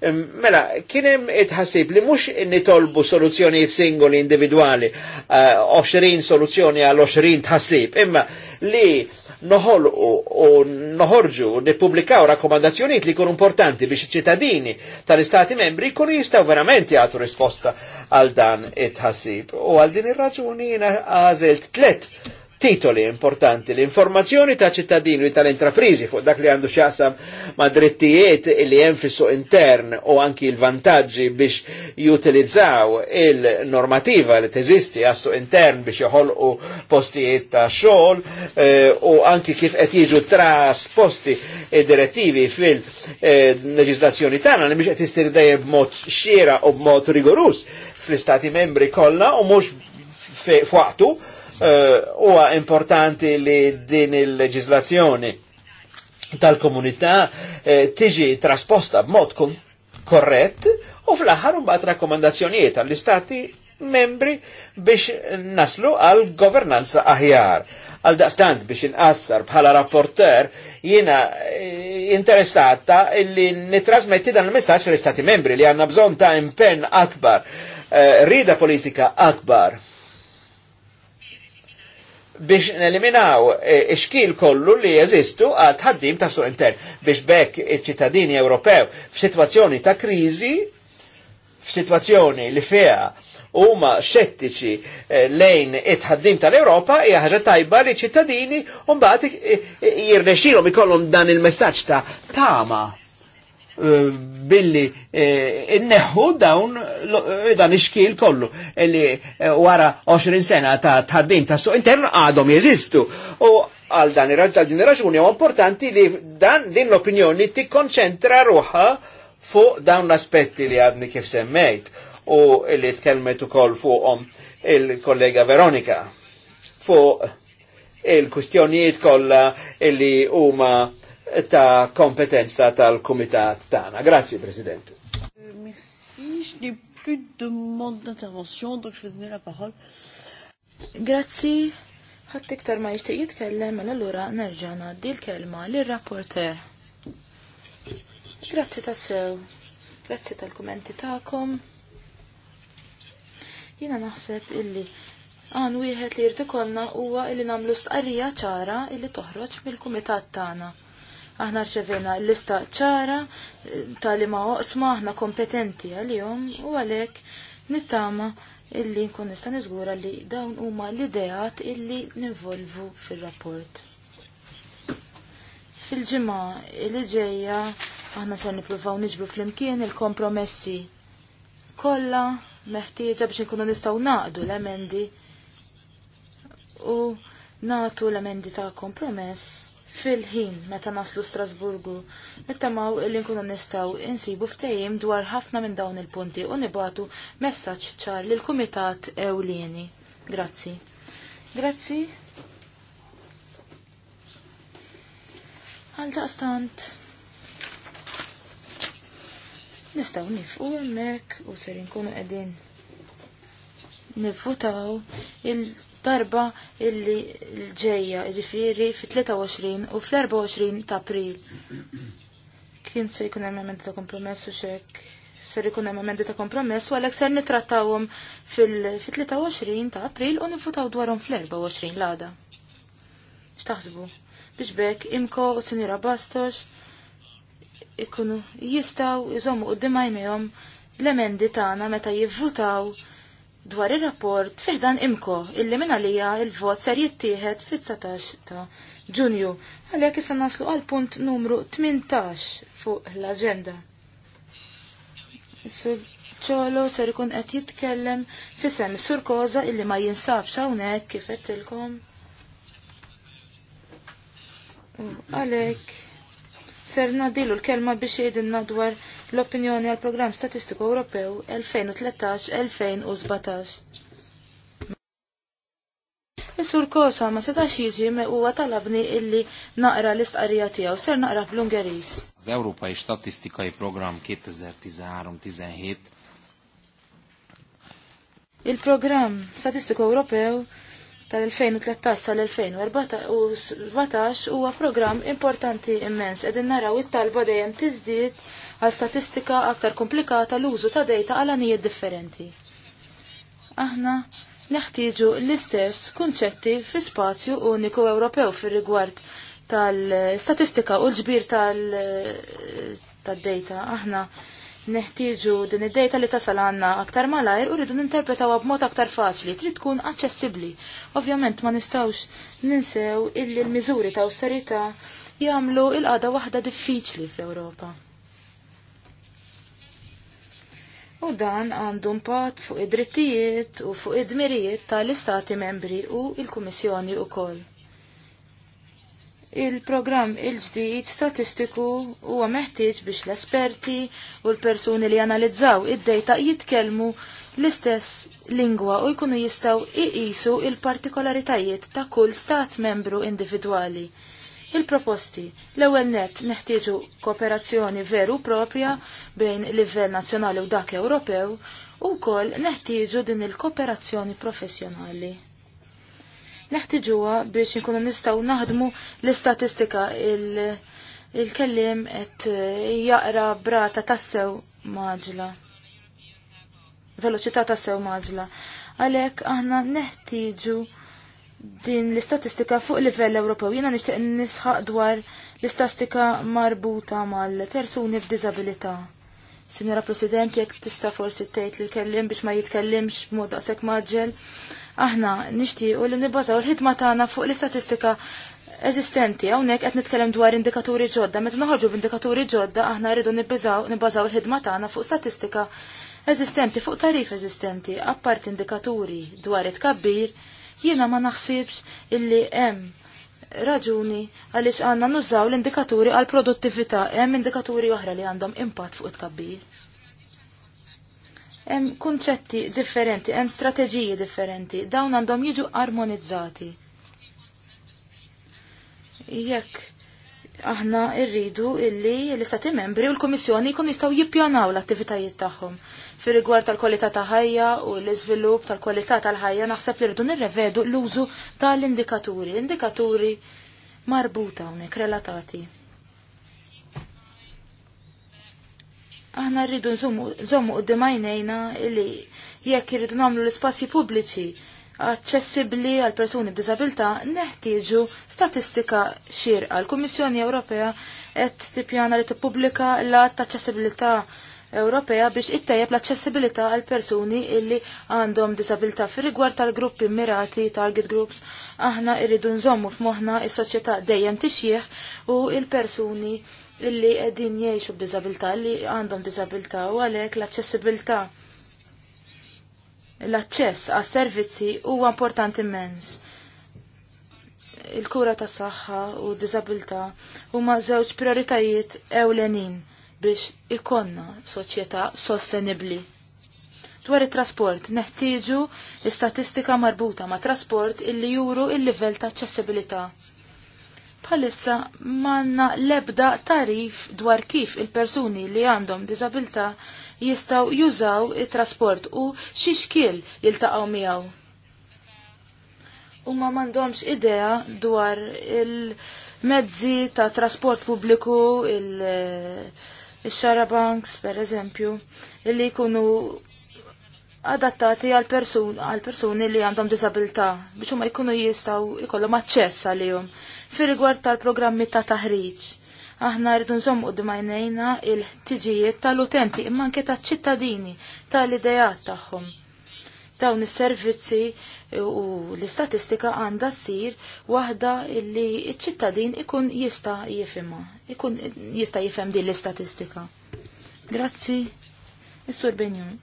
Mela, kienem itħasib li mux nitolbu soluzzjoni singoli individuali, 20 eh, soluzzjoni għal 20 tħassib, imma li noħol u noħorġu nipublikaw rakkomandazzjoniet li kun importanti biex ċittadini tal-Istati membri kun jistaw verament jgħatu risposta għal dan it-ħassib. U għal din ir-raġuni għażelt tlet titoli importanti. L-informazzjoni ta' ċittadini u tal-intraprizi fuq dak li għandu xasam ma' drittijiet li jenfisu intern u anki l vantagġi biex jutilizzaw il-normativa li teżisti għassu intern biex joħolqu postijiet ta' xogħol eh, u anki kif qed jiġu trasposti direttivi fil-leġislazzjoni eh, tagħna li mhix qed istirdej b'mod xiera u b'mod rigorus fl-istati membri kollha u mhux fuqtu Eh, huwa uh, importanti li din il-leġislazzjoni tal-komunità eh, tiġi trasposta b'mod korrett u fl-aħħar mbagħad rakkomandazzjonijiet għall-istati membri biex naslu għal governanza aħjar. Għal daqstant biex inqassar bħala rapporter jiena eh, interessata illi nitrasmetti dan il-messaġġ l-istati membri li għandna bżonn ta' impenn akbar, rida politika akbar biex neliminaw e, ix kollu li jeżistu għal tħaddim ta' suq intern biex bekk iċ-ċittadini Ewropew f'sitwazzjoni ta' kriżi, f'sitwazzjoni li fiha huma xettiċi e, lejn it-ħaddim tal-Ewropa hija ħaġa tajba li ċittadini u mbagħad jirnexxilhom ikollhom dan il-messaġġ ta' tama billi eh, inneħu dawn eh, dan ix kollu eh, li wara 20 sena ta' tħaddim ta' su intern għadhom jeżistu. U għal dan ir-raġun raġuni huwa importanti li dan din l-opinjoni ti konċentra ruħa fuq dawn l-aspetti li għadni kif semmejt u li tkellmet ukoll fuqhom il-kollega Veronika fuq il-kustjonijiet kollha li huma ta' kompetenza tal-Kumitat tagħna. Grazzi, President. Euh, merci, je n'ai plus de demande d'intervention, donc je vais donner la parole. Grazzi, ħadd iktar ma jixtieq jitkellem, mela allura nerġa' ngħaddi l-kelma lir-rapporter. Grazzi tassew. Grazzi tal-kumenti tagħkom. Jiena naħseb illi għan wieħed li ikollna huwa illi nagħmlu stqarrija ċara illi toħroġ mill-kumitat tagħna. Aħna rċevena l-lista ċara eh, tal ma oqsma aħna kompetenti għal-jom u għalhekk nittama illi nkun nista' niżgura li dawn huma l-ideat illi nivolvu fir-rapport. Fil-ġimgħa li ġejja aħna se nippruvaw niġbru flimkien il-kompromessi kollha meħtieġa biex nkunu nistgħu naqdu l-emendi u natu l-emendi ta' kompromess fil-ħin meta naslu Strasburgu, nittamaw li nkunu nistaw insibu ftejim dwar ħafna minn dawn il-punti u nibatu messaġġ ċar l kumitat ewlieni. Grazzi. Grazzi. Għal daqstant. Nistaw nifqu hemmhekk u ser nkunu qegħdin nivvutaw il- darba illi l-ġejja, ġifiri, fi 23 u fl-24 ta' april. Kien se jkun hemm emendi ta' kompromess u xek, ser jkun hemm emendi ta' kompromess u għalhekk ser nittrattawhom fil-23 ta' april u nifutaw dwarhom fl-24 l-għada. X'taħsbu? Biex bekk imko u sinjura Bastos ikunu jistaw iżommu qudiem għajnejhom l-emendi tagħna meta jivvutaw dwar ir-rapport fiħdan imko illi minn għalija il-vot ser jittieħed fit-19 ta' Ġunju. Għalhekk issa naslu għal punt numru 18 fuq l-aġenda. Sur ċolo ser ikun qed jitkellem fisem is-sur illi ma jinsabx hawnhekk kif qedtilkom. Għalhekk ser nadilu l-kelma biex jgħidilna dwar l-opinjoni għal program statistiku Ewropew 2013-2017. Is-sur Kosa ma setax jiġi me huwa talabni illi naqra l-istqarrija tiegħu ser naqra fl ungeris Ewropej statistikai program 2013-17. Il-programm statistiku Ewropew tal-2013 tal 2014 huwa programm importanti immens qegħdin naraw it-talba dejjem tiżdied għal statistika aktar komplikata l-użu ta' data għal anijiet differenti. Aħna neħtieġu l-istess kunċetti fi spazju uniku Ewropew fir rigward tal-statistika u l-ġbir tal-data. Aħna neħtieġu din id-data li tasal għanna aktar malajr u rridu ninterpretawha b'mod aktar faċli, trid tkun aċċessibbli. Ovvjament ma nistgħux ninsew illi l-miżuri ta' awsterità jagħmlu il-qada waħda diffiċli fl-Ewropa. u dan għandu impatt fuq id-drittijiet u fuq id-dmirijiet tal-Istati membri u il-Kummissjoni wkoll. Il-programm il-ġdid statistiku huwa meħtieġ biex l-esperti u l-persuni li analizzaw id-dejta jitkellmu l-istess lingwa u jkunu jistaw iqisu il-partikolaritajiet ta' kull stat membru individwali. Il-proposti l-ewwel net neħtieġu kooperazzjoni veru propja bejn livell nazzjonali u dak Ewropew u kol neħtieġu din il-kooperazzjoni professjonali. Neħtieġuha biex inkunu nistgħu naħdmu l-istatistika il-kellim qed jaqra brata tassew maġla veloċità tassew sew maġla. Għalek aħna neħtieġu din l-istatistika fuq livell Ewropew. Jiena nixtieq nisħaq dwar l-istatistika marbuta mal-persuni b'diżabilità. Sinjora President, jekk tista' forsi tgħid li kellim biex ma jitkellimx b'mod daqshekk maġġel, aħna nixtiequ li nibbażaw il-ħidma tagħna fuq l-istatistika eżistenti, hawnhekk qed nitkellem dwar indikaturi ġodda, meta noħorġu b'indikaturi ġodda aħna rridu nibbażaw il-ħidma tagħna fuq statistika eżistenti, fuq tarif eżistenti, apparti indikaturi dwar it-kabbir, Jiena ma naħsibx illi hemm raġuni għaliex għandna nużaw l-indikaturi għal produttività hemm indikaturi oħra li għandhom impatt fuq it-kabbir. Hemm kunċetti differenti, hemm strateġiji differenti, dawn għandhom jiġu armonizzati. Jekk aħna irridu illi l-istati membri u l-Komissjoni jkun jistgħu jippjanaw l-attivitajiet tagħhom fil rigward tal-kwalità ta' ħajja u l-iżvilupp tal-kwalità tal-ħajja naħseb li rridu nirrevedu l-użu tal-indikaturi, indikaturi marbuta hawnhekk relatati. Aħna rridu nżommu qudiem għajnejna li jekk irridu nagħmlu l-ispazji pubbliċi aċċessibbli għal persuni b'diżabilità neħtieġu statistika xierqa. L-Kummissjoni Ewropea qed tippjana li tippubblika l-att ta' aċċessibilità Ewropea biex ittejjeb l-aċċessibilità għal persuni illi għandhom disabilità fir rigward tal-gruppi mirati, target groups, aħna irridu nżommu f'moħħna is-soċjetà dejjem tixjieħ u il-persuni illi qegħdin jgħixu b'diżabilità li għandhom diżabilità u għalhekk l-aċċessibilità l-aċċess għas servizzi huwa importanti immens il-kura ta' saħħa u disabilità huma żewġ prioritajiet ewlenin biex ikonna soċjetà sostenibli. Dwar it-trasport, neħtieġu statistika marbuta ma' trasport illi juru il-livell ta' aċċessibilità. Bħalissa manna lebda tarif dwar kif il-persuni li għandhom disabilità jistaw jużaw it-trasport u xi jiltaqaw jiltaqgħu miegħu. U ma mandomx idea dwar il- mezzi ta' trasport pubbliku, il- il-xara banks, per eżempju, illi jkunu adattati għal persuni li għandhom disabilità biex huma jkunu jistgħu jkollhom aċċess għalihom. Fi rigward tal-programmi ta' taħriġ, aħna rridu nżomm u dimajnejna il-ħtiġijiet tal-utenti imma anke taċ-ċittadini tal-idejat tagħhom. Dawn is-servizzi u l-istatistika għandha ssir waħda li ċ-ċittadin ikun jista' jifhimha, ikun jista' jifhem din l-istatistika. Grazzi, Mr. Benjun.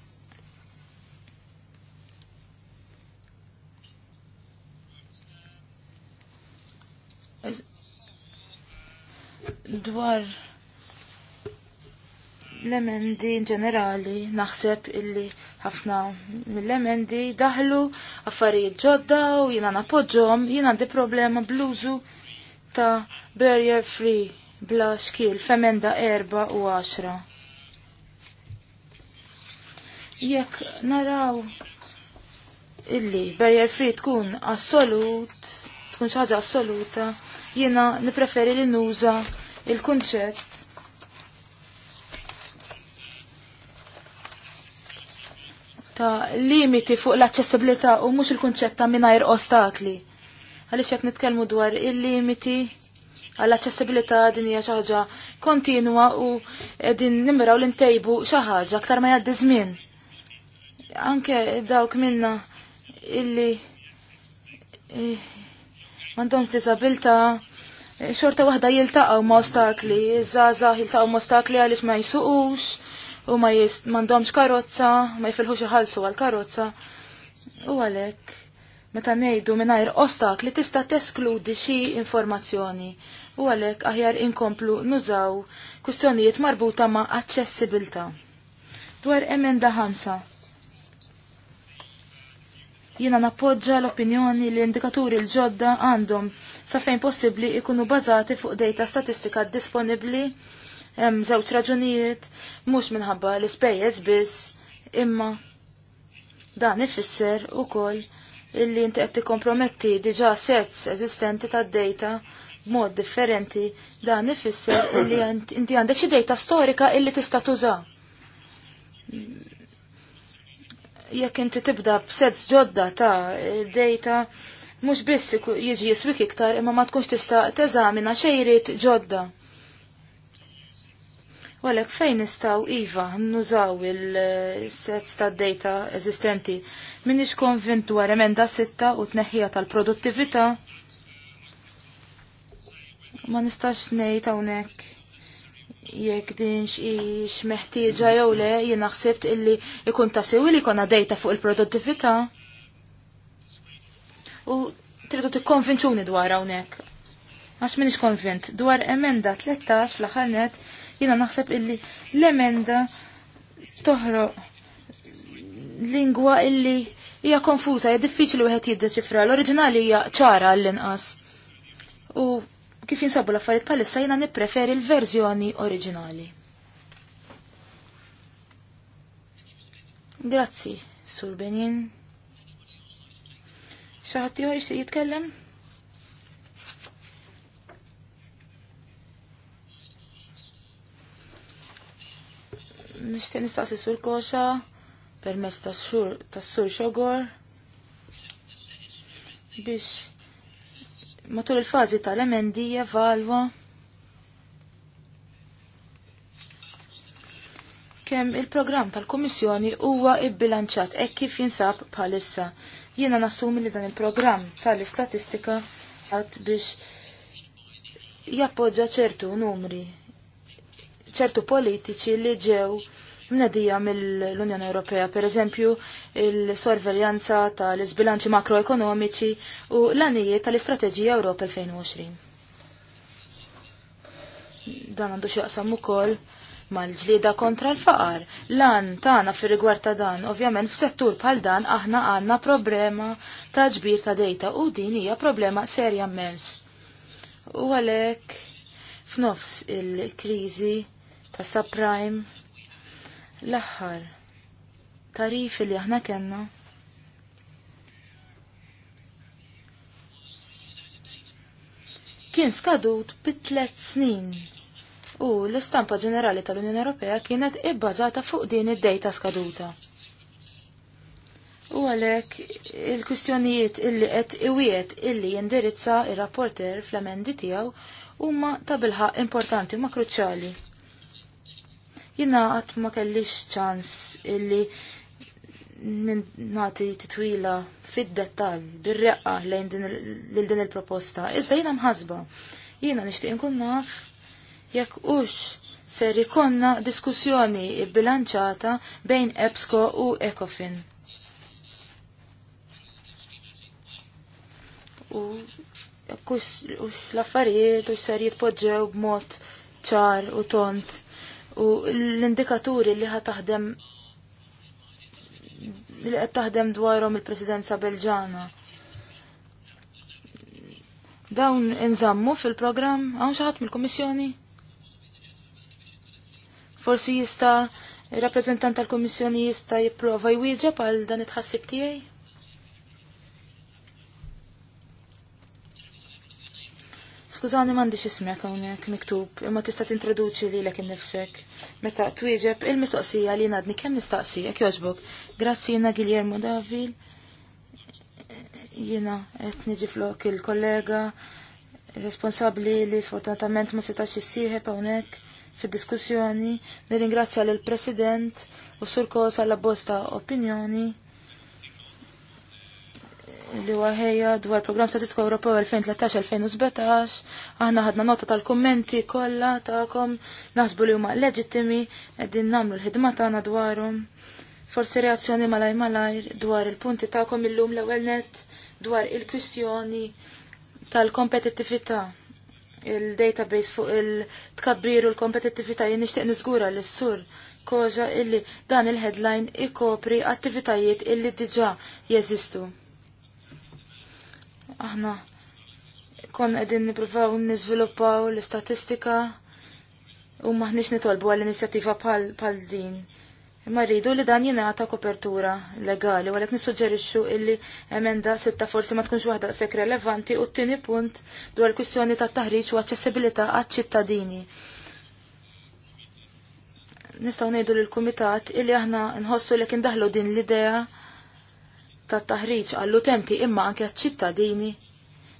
dwar l-emendi ġenerali naħseb illi ħafna mill-emendi daħlu affarijiet ġodda u jiena napoġġhom, jiena għandi problema bluzu ta' barrier free bla xkil femenda erba' u għaxra. Jekk naraw illi barrier free tkun assolut, tkun xi ħaġa assoluta, jiena nippreferi li nuża il-kunċett ta' limiti fuq l accessibilità u mhux il-kunċett ta' mingħajr ostakli. Għaliex qed nitkellmu dwar il-limiti għall-aċċessibilità din hija xi ħaġa kontinwa u din nimraw l-intejbu xi ħaġa aktar ma jgħaddi żmien. Anke dawk minna illi eh, m'għandhomx diżabilità xorta waħda jiltaqgħu ma' ostakli, iż-żgħażagħ jiltaqgħu ma' ostakli għaliex ma jsuqux u ma jist mandomx karozza, ma jifilħux iħallsu għal-karozza. U għalek, meta nejdu minnajr li tista' teskludi xi informazzjoni. U għalek aħjar inkomplu nużaw kustjonijiet marbuta ma' accessibilta. Dwar emenda ħamsa. Jina nappoġġa l-opinjoni li indikaturi l-ġodda għandhom sa fejn possibli ikunu bazati fuq data statistika disponibli Hemm żewġ raġunijiet mhux minħabba l-ispejjeż biss imma dan ifisser ukoll illi inti qed tikkomprometti diġà sets eżistenti tad dejta b'mod differenti dan ifisser illi inti għandek xi dejta storika illi tista' tuża. Jekk inti tibda b'sets ġodda ta' dejta mhux biss jiġi jiswik iktar imma ma tkunx tista' teżamina xejriet ġodda. U għalek fejn nistaw iva nużaw il-sets ta' data eżistenti. Min konvint dwar emenda sitta u tneħħija tal-produttività. Ma nistax nejt hawnhekk jekk din xiex meħtieġa jew le jien naħsibt illi ikun ta' sewi li data fuq il-produttività. U tridu tikkonvinċuni dwar hawnhekk. Għax minix konvint dwar emenda 13 fl-aħħar net jina naħseb illi l-emenda toħroq lingwa illi hija konfuża, hija diffiċli wieħed jiddeċifra. L-oriġinali hija ċara għall-inqas. U kif jinsabu l-affarijiet bħalissa jiena nippreferi l-verżjoni oriġinali. Grazzi, Sur Benin. Xaħat jħor jitkellem? nishtiq nistaqsi sur koxa permess tas- sur tas sur xogor biex matul il-fazi tal emendija valwa. kemm il-programm tal-Kummissjoni huwa ibbilanċat hekk kif jinsab bħalissa. Jiena nassumi li dan il-programm tal-istatistika sat biex jappoġġa ċertu numri ċertu politiċi li ġew mnedija mill-Unjoni Ewropea, per eżempju, il-sorveljanza tal-izbilanċi makroekonomiċi u l-anijiet tal-Istrateġija Ewropa 2020. Dan għandu xieqsam ukoll mal-ġlida kontra l-faqar. Lan tana fir rigward ta' dan, ovvjament f'settur bħal dan aħna għanna problema ta' ġbir ta' dejta u din hija problema serja mens. U għalek f'nofs il-kriżi ta' subprime l-aħħar tarifi li aħna kellna kien skadut bit-tlet snin. U l-istampa ġenerali tal-Unjoni Ewropea kienet ibbażata fuq din id-dejta skaduta. U għalhekk il-kwistjonijiet illi qed iwiet illi jindirizza ir-rapporter fl-emendi tiegħu huma ta' bilħaq importanti ma' kruċjali. Jina għat ma kellix ċans illi nati titwila fid-dettal, bir-reqqa lejn din il-proposta. Iżda jina mħasba. Jina nishtiq nkun naf jekk ux ser ikonna diskussjoni bilanċata bejn EBSCO u ECOFIN. U jekk ux l-affarijiet u ser jitpoġġew b'mod ċar u tont u l-indikaturi li ħa taħdem li qed taħdem dwarhom il-Presidenza Belġana. Dawn inżammu fil-programm hawn xi ħadd mill-Kummissjoni? Forsi jista' ir-rappreżentant tal-Kummissjoni jista' jipprova jwieġeb għal dan it ħassib tiegħi? Skużani m'għandix ismek hawnhekk miktub, imma tista' tintroduċi lilek innifsek meta twieġeb il-mistoqsija li nadni kemm nistaqsijek jogħġbok. Grazzi jina Guillermo Davil, jiena qed niġi flok il-kollega responsabbli li sfortunatament ma setax issieħeb hawnhekk fid-diskussjoni, nirringrazzja lill-President u Sur Kosa la bosta opinjoni li huwa ħejja dwar programm statistiku Ewropew 2013-2017, aħna ħadna nota tal-kummenti kollha tagħkom, naħsbu li huma leġittimi qegħdin nagħmlu l-ħidma tagħna dwarhom. Forsi reazzjoni malaj malajr dwar il-punti tagħkom illum l-ewwel net dwar il-kwistjoni tal-kompetittività il-database fuq il-tkabbir u l-kompetittività jien nixtieq niżgura l-sur koġa illi dan il-headline ikopri attivitajiet illi diġa jeżistu aħna kon qegħdin nippruvaw niżviluppaw l-istatistika u maħniex nitolbu għall inizjativa bħal din. Imma rridu li dan jingħata kopertura legali, għalhekk nissuġġerixxu illi emenda sitta forsi ma tkunx waħda sek relevanti u t-tieni punt dwar kwistjoni tat-taħriġ u aċċessibilità għaċ-ċittadini. Nistgħu ngħidu lill kumitat illi aħna nħossu li kien daħlu din l-idea ta' taħriġ għall-utenti imma anke ċittadini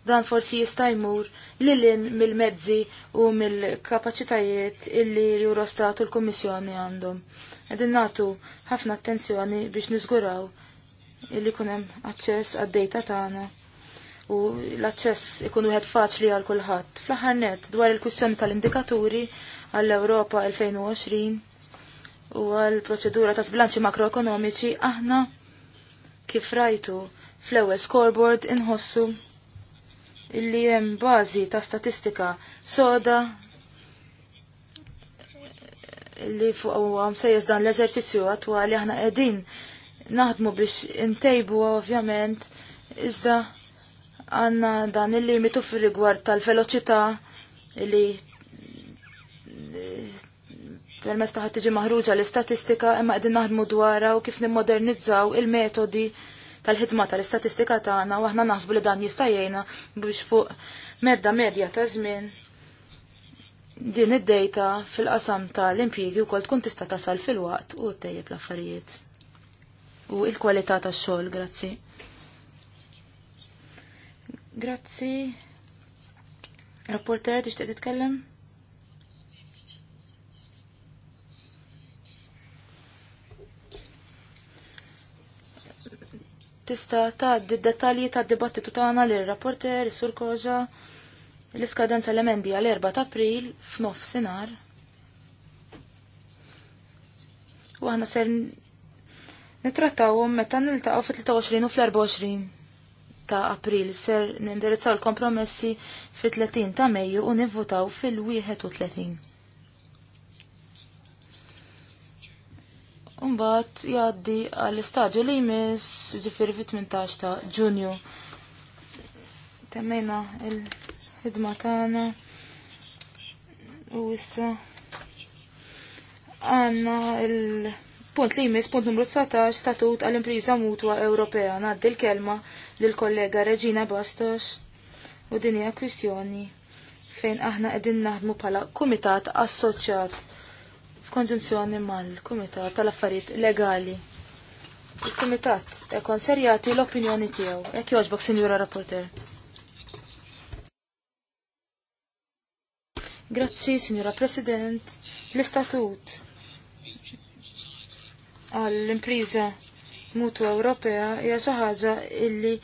dan forsi jista' jmur lilin mill-mezzi u mill-kapaċitajiet illi jurostratu u l-Kummissjoni għandhom. Qegħdin nagħtu ħafna attenzjoni biex niżguraw illi kunem hemm aċċess għad-dejta tagħna u l-aċċess ikun wieħed faċli għal kulħadd. Fl-aħħar net dwar il-kwistjoni tal-indikaturi għall-Ewropa 2020 u għal proċedura ta' sbilanċi makroekonomiċi aħna kif rajtu fl-ewwel scoreboard inħossu illi hemm bażi ta' statistika soda li fuq huwa msejjes dan l-eżerċizzju attwali aħna qegħdin naħdmu biex intejbu ovvjament iżda għanna dan il-limitu fir rigward tal-veloċità li L-mess taħat tiġi maħruġa l-istatistika imma qegħdin naħdmu dwarha u kif nimmodernizzaw il-metodi tal-ħidma tal-istatistika tagħna u aħna naħsbu li dan jista' jgħinna biex fuq medda medja ta' żmien din id-dejta fil-qasam tal-impjiegi wkoll tkun tista' tasal fil-waqt u tejjeb l-affarijiet. U il-kwalità tax-xogħol, grazzi. Grazzi. Rapporter, tixtieq titkellem? tista' tgħaddi d-dettalji tad-dibattitu tagħna lir rapporter sur Koġa l-iskadenza l-emendi għal 4 ta' April f'nofsinhar. U aħna ser nitrattawhom meta niltaqgħu fit-23 u fl-24 ta' april ser nindirizzaw l-kompromessi fit-30 ta' Mejju u nivvutaw fil-31. Umbat jaddi għall-istadju li jmiss ġifiri fit-18 ta' ġunju. Temmejna il-ħidma tagħna u issa għanna il-punt li jmiss punt numru 19 statut għall-impriża mutwa Ewropea. Naddi l-kelma lill-kollega Reġina Bastos u din hija kwistjoni fejn aħna qegħdin naħdmu bħala kumitat assoċjat f'konġunzjoni mal-Kumitat tal-Affarijiet Legali. Il-Kumitat e konserjati l-opinjoni tiegħu. Jekk jogħġbok, Sinjura Rapporter. Grazzi, Sinjura President. L-Istatut għall-impriża mutu Ewropea hija xi ħaġa illi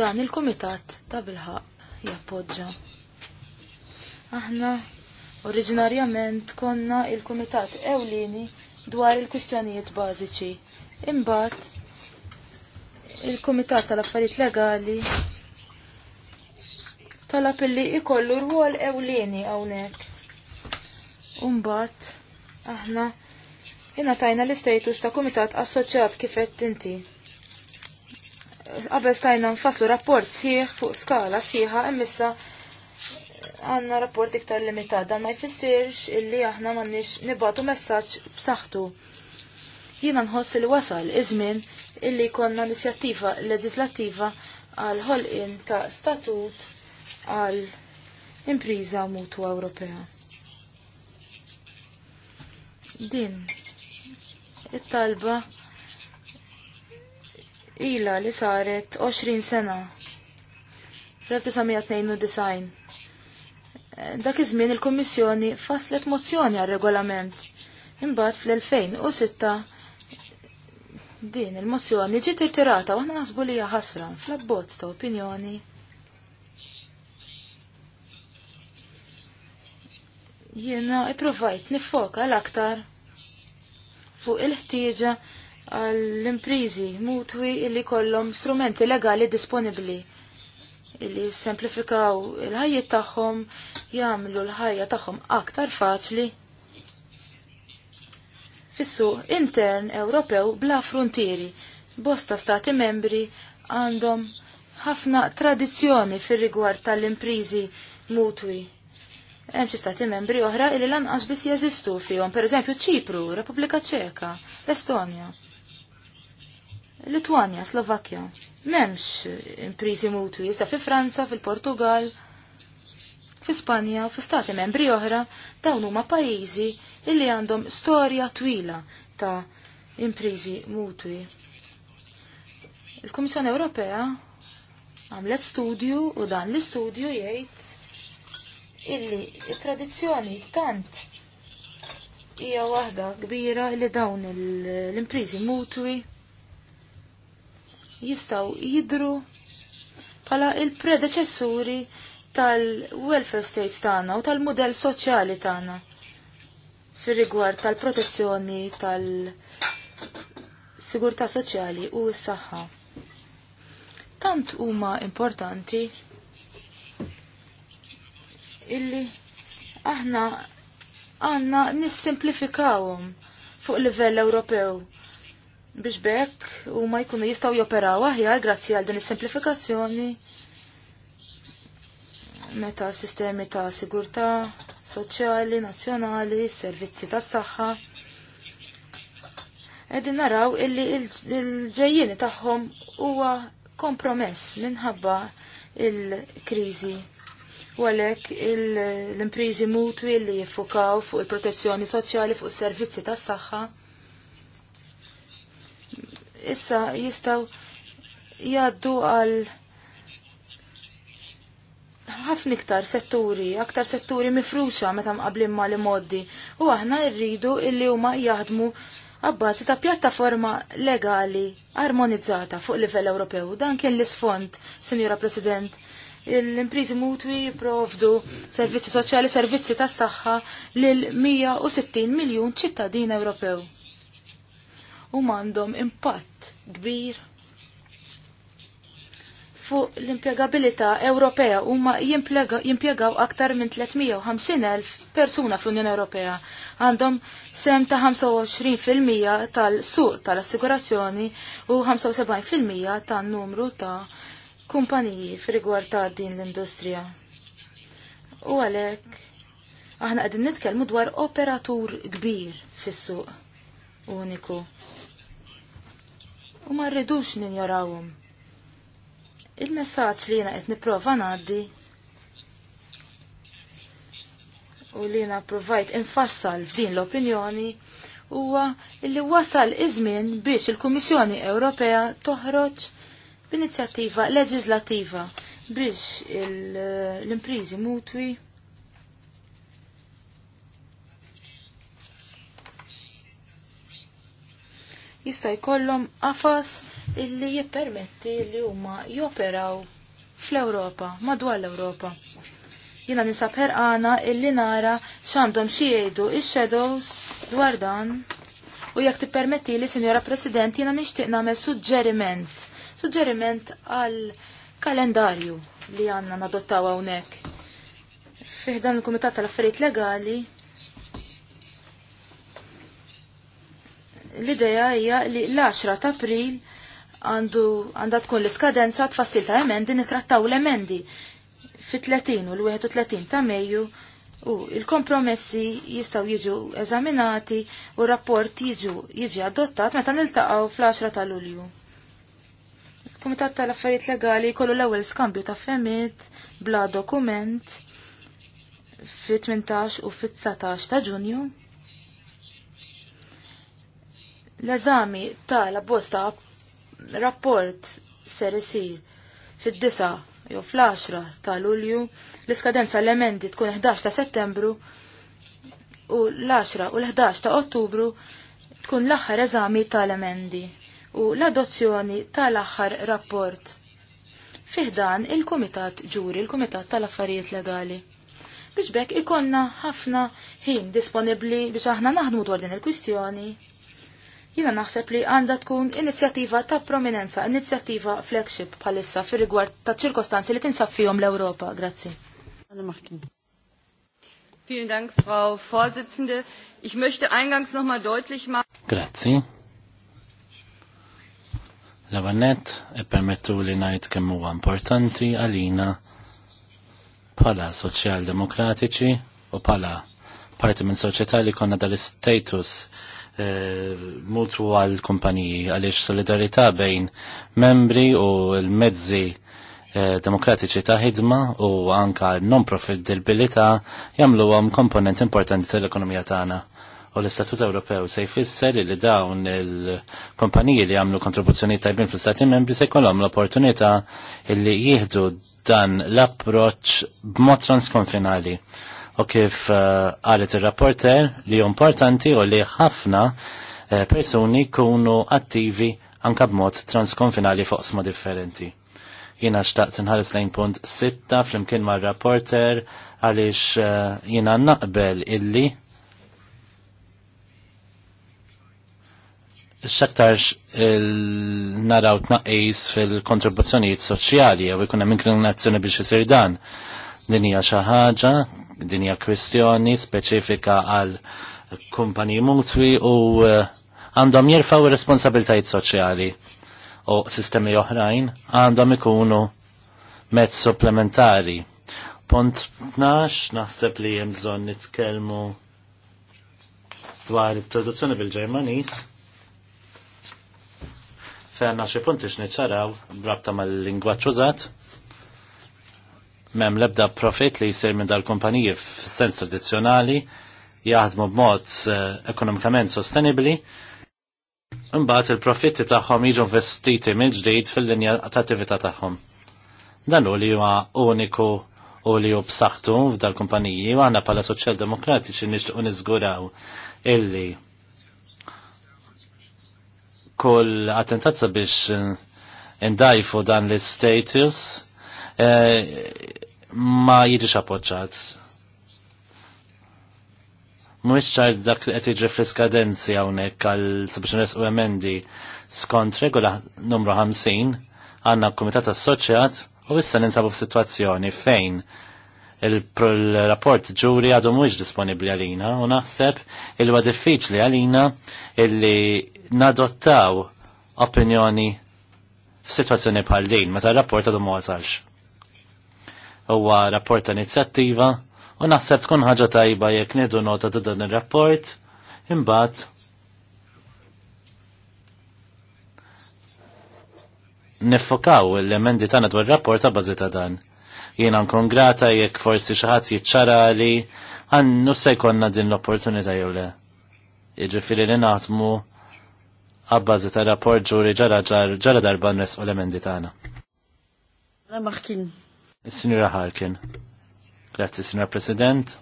dan il-Kumitat ta' bilħaq jappoġġa. Aħna Oriġinarjament konna il-Kumitat Ewlieni dwar il-kwistjonijiet bażiċi. Imbagħad il-Kumitat tal-Affarijiet Legali talab illi ikollu rwol ewlieni hawnhekk. mbagħad aħna ingħatajna l-istatus ta' kumitat assoċjat kifet inti. Qabel stajna nfasslu rapport sħiħ fuq skala sħiħa imissa għanna rapport iktar limitat, dan ma jfissirx illi aħna m'għandniex nibatu messaġġ b'saħħtu. Jiena nħoss li wasal iż-żmien illi jkollna inizjattiva leġislattiva għal ħolqien ta' statut għal impriża mutwa Ewropea. Din it-talba ila li saret 20 sena. 1992 dak iż-żmien il-Kummissjoni faslet mozzjoni għal regolament. Imbagħad fl-2006 din il-mozzjoni ġiet irtirata waħna aħna naħsbu li hija ħasra fl-abbozz ta' opinjoni. Jiena ipprovajt nifoka l-aktar fuq il-ħtieġa għall-imprizi mutwi li kollhom strumenti legali disponibbli li semplifikaw il-ħajja tagħhom, jagħmlu l-ħajja tagħhom aktar faċli fis-suq intern Ewropew bla frontieri. Bosta stati membri għandhom ħafna tradizzjoni fir-rigward tal-imprizi mutwi. Hemm xi stati membri oħra li lanqas biss jeżistu fihom, pereżempju Ċipru, Repubblika Ċeka, Estonja, Litwanja, Slovakkja memx imprizi mutu jista fi Franza, fil-Portugal, fi Spanja, fi stati membri oħra, dawn huma pajjiżi illi għandhom storja twila ta' imprizi mutwi. Il-Kummissjoni Ewropea għamlet studju u dan l-istudju jgħid illi it-tradizzjoni tant hija waħda kbira li dawn l-imprizi mutwi jistaw jidru pala il-predeċessuri tal-welfare states tagħna u tal model soċjali tagħna fir-rigward tal-protezzjoni tal-sigurtà soċjali u s-saħħa. Tant huma importanti illi aħna għanna nissimplifikawhom fuq livell Ewropew biex bekk u ma jkunu jistaw joperaw aħjar grazzi għal din is-semplifikazzjoni meta sistemi ta' sigurtà soċjali, nazzjonali, servizzi tas saħħa Edin naraw illi il-ġejjini tagħhom huwa kompromess minħabba il-kriżi u għalhekk l-imprizi mutwi li jiffukaw fuq il-protezzjoni soċjali fuq is-servizzi tas-saħħa issa jistaw jaddu għal ħafna iktar setturi, aktar setturi mifruxa meta mqablin ma li moddi u aħna rridu illi huma jaħdmu għabbażi ta' pjattaforma legali armonizzata fuq livell Ewropew. Dan kien l-isfond, Sinjora President, l-imprizi mutwi jipprovdu servizzi soċjali, servizzi tas-saħħa lil 160 miljun ċittadin Ewropew u mandom impatt kbir fuq l-impjegabilità Ewropea huma jimpjegaw aktar minn 350.000 persuna fl-Unjoni Ewropea. Għandhom sem ta' 25% tal-suq tal-assigurazzjoni u 75% tan-numru ta' kumpaniji f'rigward ta' din l-industrija. U għalhekk aħna qegħdin nitkellmu dwar operatur kbir fis-suq uniku u ma rridux ninjarawhom. Il-messaġġ li jiena qed nipprova ngħaddi u li jiena provajt infassal f'din l-opinjoni huwa li wasal iż-żmien biex il-Kummissjoni Ewropea toħroġ b'inizjattiva leġislattiva biex l-imprizi mutwi jista' jkollhom qafas illi jippermetti li huma joperaw fl-Ewropa, madwar l-Ewropa. Jina ninsab ħerqana illi nara x'għandhom xi jgħidu ix-shadows dwar dan u jekk tippermetti li Sinjora President jiena nixtieq nagħmel suġġeriment. Suġġeriment għal kalendarju li għandna nadottaw hawnhekk. Fih dan il-Kumitat tal-Affarijiet Legali l-ideja hija li l-10 ta' April għandu għandha tkun l-iskadenza tfassil ta' emendi nitrattaw l-emendi fi 30 u l-31 ta' Mejju u il-kompromessi jistaw jiġu eżaminati u rapport jiġu jiġi adottat meta niltaqgħu fl-10 ta' Lulju. Il-Kumitat tal-Affarijiet Legali jkollu l-ewwel skambju ta' femmit bla dokument fi 18 u fi 19 ta' Ġunju L-eżami tal bosta rapport ser isir fid disa jew fl-10 ta' Lulju, l-iskadenza l-emendi tkun 11 ta' Settembru u l-10 u l-11 ta' Ottubru tkun l-aħħar eżami tal-emendi u l-adozzjoni tal-aħħar rapport. Fiħdan il-Kumitat Ġuri, il-Kumitat tal-Affarijiet Legali. Biex bekk ikonna ħafna ħin disponibli biex aħna naħdmu dwar din il-kwistjoni Jina naħseb li għanda tkun inizjattiva ta' prominenza, inizjattiva flagship bħalissa fi rigward ta' ċirkostanzi li tinsab fihom l-Ewropa. Grazzi. Vielen Dank, Frau Vorsitzende. Ich möchte eingangs mal deutlich machen. Grazie. l vanet e permettu li najt kemm huwa importanti għalina pala soċjal-demokratiċi u pala parti minn soċjetà li konna dal-status Eh, mutwu għal kumpaniji għaliex solidarita bejn membri u l-mezzi eh, demokratiċi ta' ħidma u anka non-profit dilbilita jamlu għam komponent importanti tal-ekonomija tagħna. U l-Istatut Ewropew se jfisser li dawn il-kompaniji li għamlu kontribuzzjoni tajbin fl-Stati membri se jkollhom l-opportunità li jieħdu dan l-approċċ b'mod transkonfinali u kif uh, għalet il-rapporter li importanti u li ħafna uh, persuni kunu attivi anka b'mod transkonfinali fuq sma differenti. Jina xtaqt nħares lejn punt 6 fl-imkien ma' rapporter għalix uh, jina naqbel illi xaktarx naraw tnaqqis fil-kontribuzzjonijiet soċjali jew ikun hemm inklinazzjoni biex isir dan. Din hija xi ħaġa dinja kwistjoni speċifika għal kumpaniji mutwi u eh, għandhom jirfaw responsabiltajiet soċjali u sistemi oħrajn għandhom ikunu mezz supplementari. Punt 12 naħseb li hemm bżonn nitkellmu dwar it-traduzzjoni bil-Ġermaniż fejn xi punti xneċaraw, brabta mal lingwaċ użat mem lebda profit li jisir minn dal-kumpaniji f'sens tradizjonali jaħdmu b'mod eh, ekonomikament sostenibli. Imbagħad il-profitti tagħhom jiġu investiti minn ġdid fil-linja ta' attività tagħhom. Dan hu li huwa uniku u li hu b'saħħtu f'dal-kumpaniji u għandna bħala soċjal-demokratiċi nixtiequ niżguraw illi kull attentazza biex eh, indajfu dan l-status eh, ma jiġix appoġġat. Mhuwiex ċar dak li qed jiġri fl-iskadenzi hawnhekk għal sabiċunis u emendi skont regola numru 50 għandna kumitat assoċjat u issa ninsabu f'sitwazzjoni fejn il-rapport ġuri għadu mux disponibli għalina u naħseb il huwa diffiċli għalina illi nadottaw opinjoni f'sitwazzjoni bħal din meta r-rapport għadu ma wasalx huwa rapport ta' inizjattiva u naħseb tkun ħaġa tajba jekk niedu nota ta' dan ir-rapport imbagħad niffokaw l-emendi tagħna dwar rapport ta' bażi ta' dan. Jiena nkun grata jekk forsi xi ħadd jiċċara li għannu se jkollna din l-opportunità jew le. Jiġifieri li naħdmu għabbażi ta' rapport ġuri ġara ġara darba nresqu l-emendi tagħna. Is-Sinjura Harkin. Grazie, Sinjura President,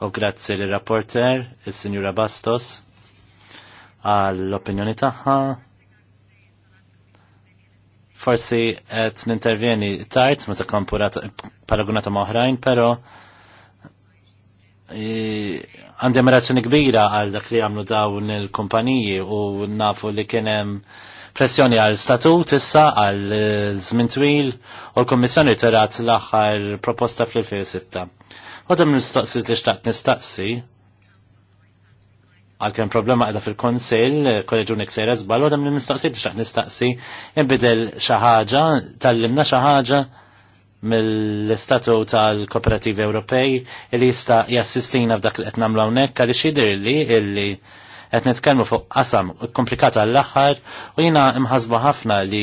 u grazie l rapporter is-Sinjura Bastos, għall-opinjoni tagħha. Forsi qed nintervjeni tard meta kan paragunata maħrajn, oħrajn, però għandi ammirazzjoni kbira għal dak li għamlu dawn il-kumpaniji u nafu li kien hemm pressjoni għal statut issa għal eh, żmien twil u l-Kommissjoni terat l-aħħar proposta fl-2006. Għadam dem nistaqsi li xtaqt nistaqsi għal kem problema għada fil-konsil, kolleġun iksir eżbal, għadam dem nistaqsi li xtaqt nistaqsi imbidel xaħġa, tal-limna xaħġa mill-istatu tal-Kooperativi Ewropej li jista jassistina f'dak li qed nagħmlu hawnhekk għaliex jidhirli illi qed nitkellmu fuq qasam komplikata l-aħħar u jiena imħazba ħafna li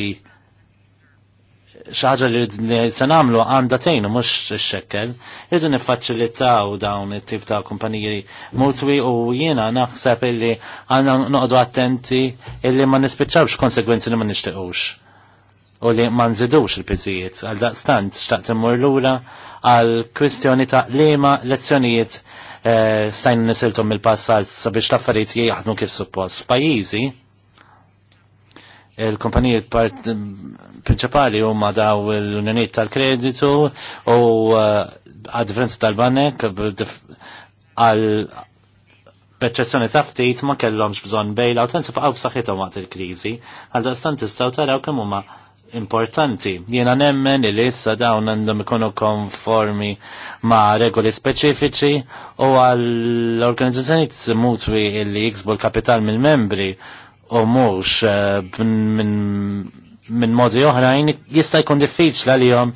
xaħġa li se nagħmlu għandha tgħin u mhux ix-xekkel, irridu niffaċilitaw dawn it-tip ta' kumpaniji mutwi u jiena naħseb illi għanna noqogħdu attenti illi ma nispiċċawx konsegwenzi li ma nixtiequx u li ma nżidux il-pizijiet għal daqstant xtaqt immur lura għal kwistjoni ta' lema lezzjonijiet Eh, stajn nisiltum il-passat sabiex l-affarijiet jaħdmu kif suppost. Pajizi, il-kumpaniji prinċipali huma daw l-Unjoniet tal-Kreditu u eh, għad differenza tal-banek għal b'eċċezzjoni ta' ftit ma kellhomx bżonn bejla u tensa għaw b'saħħithom waqt il-kriżi, għal dastan tistgħu taraw kemm huma importanti. Jiena nemmen li issa dawn għandhom ikunu konformi ma' regoli speċifiċi u għall-organizzazzjoni mutwi li jiksbu l-kapital mill-membri u mux eh, minn modi oħrajn jista' jkun diffiċli għalihom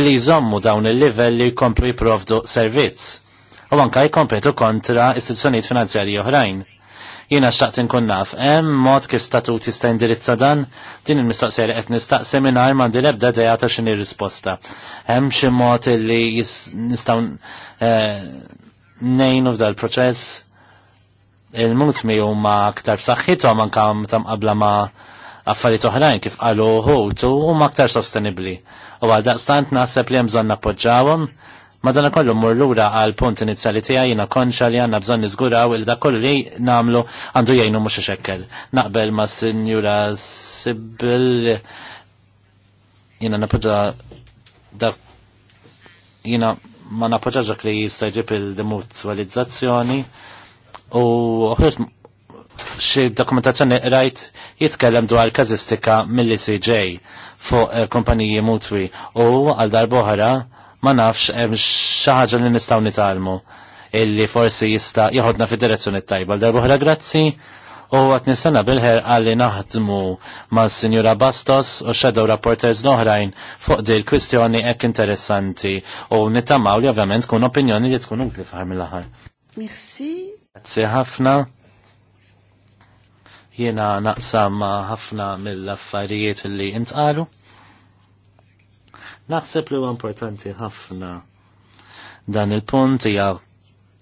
li jżommu dawn il level li jkomplu jipprovdu servizz. U anka jkompetu kontra istituzzjonijiet finanzjarji oħrajn Jiena xtaqt inkun naf, hemm mod kif statut jista' indirizza dan din il-mistoqsija li qed nistaqsi mingħajr m'għandi l-ebda dejja ta' x'inhi risposta. Hemm xi mod li nistgħu eh, nejnu f'dal proċess il-mut mi huma aktar b'saħħithom anke tam qabla ma' affarijiet oħrajn kif qalu ħutu huma aktar sostenibbli. U għal daqstant naħseb li hemm bżonn nappoġġawhom Madana kollu lura għal punt inizjali tiegħi jiena konċa li għandna bżonn niżguraw il dak kollu li nagħmlu għandu jgħinu mhux xekkel. Naqbel ma' Sinjura Sibyl jiena napoġa da jina ma napoġġaġak li jista' jġib il-demutualizzazzjoni u uħirt xi dokumentazzjoni rajt jitkellem dwar kazistika mill CJ fuq eh, kompaniji mutwi u għal oħra, ma nafx hemm xi ħaġa li nistgħu nitalmu illi forsi jista' jieħodna fid-direzzjoni tajba. Darbohra grazzi u għat nisana bilħer għalli naħdmu ma' Sinjura Bastos u Shadow Rapporters l-oħrajn fuq dil kwistjoni ek interessanti u nittamaw li ovvjament tkun opinjoni li tkun utli fħar mill-ħar. Merci. Grazzi ħafna. Jena naqsam ħafna mill-affarijiet li intqalu. Naħseb li huwa importanti ħafna dan il-punt hija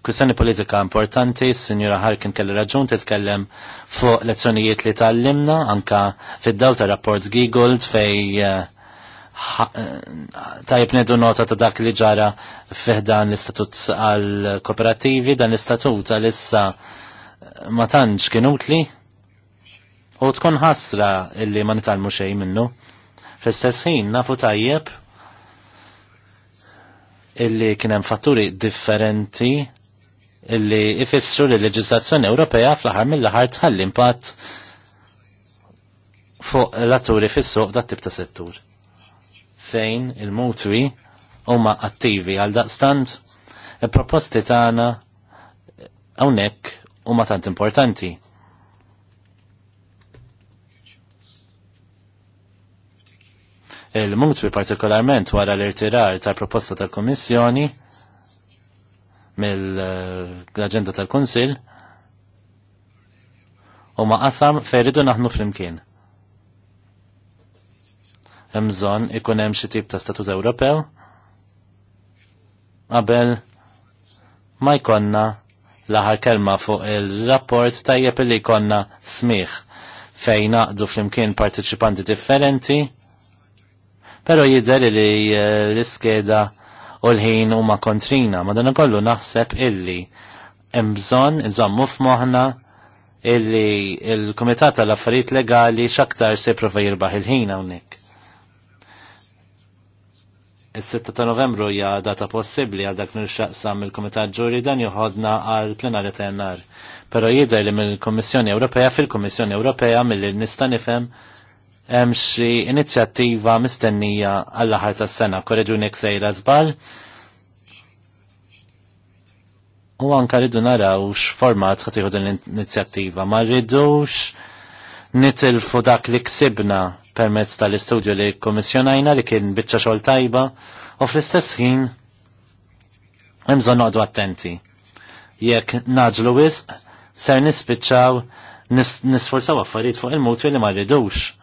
kwistjoni politika importanti, s-Sinjura Harkin kelli raġun titkellem fuq lezzjonijiet li tallimna anka fid-daw ta' rapport Giggold fej eh, eh, tajb nedu nota ta' dak li ġara fiħdan l-istatut għal-kooperativi, dan l-istatut għal-issa eh, ma tantx kien utli u tkun ħasra illi ma nitalmu xejn minnu. Fl-istess ħin nafu tajjeb illi kien hemm fatturi differenti illi ifissru li l-leġislazzjoni Ewropea fl-aħħar mill-aħħar tħallim impatt fuq l-atturi fis-suq dat tip ta' settur. Fejn il-mutwi huma attivi għal daqstant il-proposti tagħna hawnhekk huma tant importanti Il-mutwi partikolarment wara l-irtirar ta' proposta tal komissjoni mill-agenda tal-Konsil u ma' qasam ferridu naħnu flimkien. Mżon ikun hemm xi tip ta' statut Ewropew qabel ma jkonna l-aħar kelma fuq il-rapport tajjeb li jkonna smiħ fejn naqdu flimkien partiċipanti differenti pero jidher li eh, l-iskeda u l-ħin huma kontrina, kollu naħseb illi hemm bżonn muf moħna illi il-Komitat tal-Affarijiet Legali xaktar se prova jirbaħ il-ħin hawnhekk. Is-6 ta' Novembru hija data possibbli għal dak nirxaqsam il-Kumitat Ġuri dan joħodna għal plenarja ta' Jannar. Però jidher li mill-Kummissjoni Ewropea fil-Kummissjoni Ewropea milli nista' nifhem hemm xi inizjattiva mistennija għall aħar tas-sena korreġuni ksejra żball. U anka rridu naraw x'format ħatiħu din l-inizjattiva, ma rridux nitilfu dak li ksibna permezz tal-istudju li kommissjonajna li kien biċċa xogħol tajba u fl-istess ħin hemm bżonn noqgħdu attenti. Jekk naġlu wisq ser nispiċċaw nisforzaw affarijiet fuq il-mutwi li ma rridux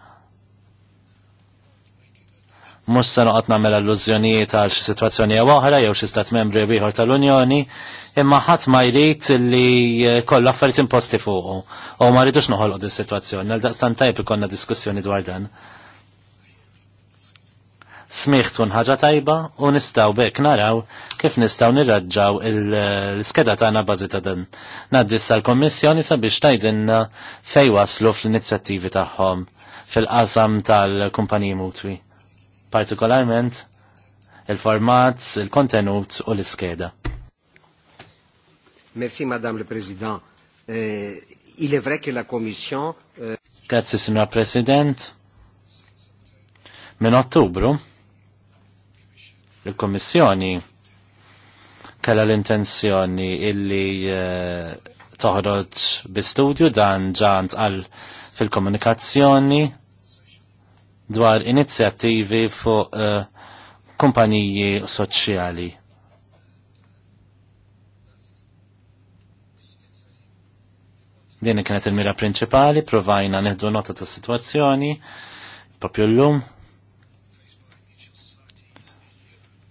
mux se noqgħod nagħmel allużjonijiet għal xi sitwazzjoni għu oħra jew xi stat membri biħor tal-Unjoni, imma ħadd ma jrid li kollha affarijiet imposti fuq u ma rridux noħolqu di sitwazzjoni għal daqstan tajb ikonna diskussjoni dwar dan. Smiħt ħaġa tajba u nistgħu bekk naraw kif nistgħu nirraġġaw l-skeda tagħna bażi ta' dan. Ngħaddi l komissjoni sabiex tgħidilna fejn waslu fl-inizjattivi tagħhom fil-qasam tal-kumpaniji mutwi partikolarment il-format, il-kontenut u l-iskeda. Merci, Madame le Président. Uh, il est vrai que la Commission... Grazie, euh, Grazie, Signor President. Min ottubru, il-Kommissjoni kalla l-intenzjoni illi uh, toħroġ bi studju dan ġant għal fil-komunikazzjoni dwar inizjattivi fuq uh, kumpaniji soċjali. Din kienet il-mira prinċipali, provajna neħdu nota ta' situazzjoni, propju l-lum.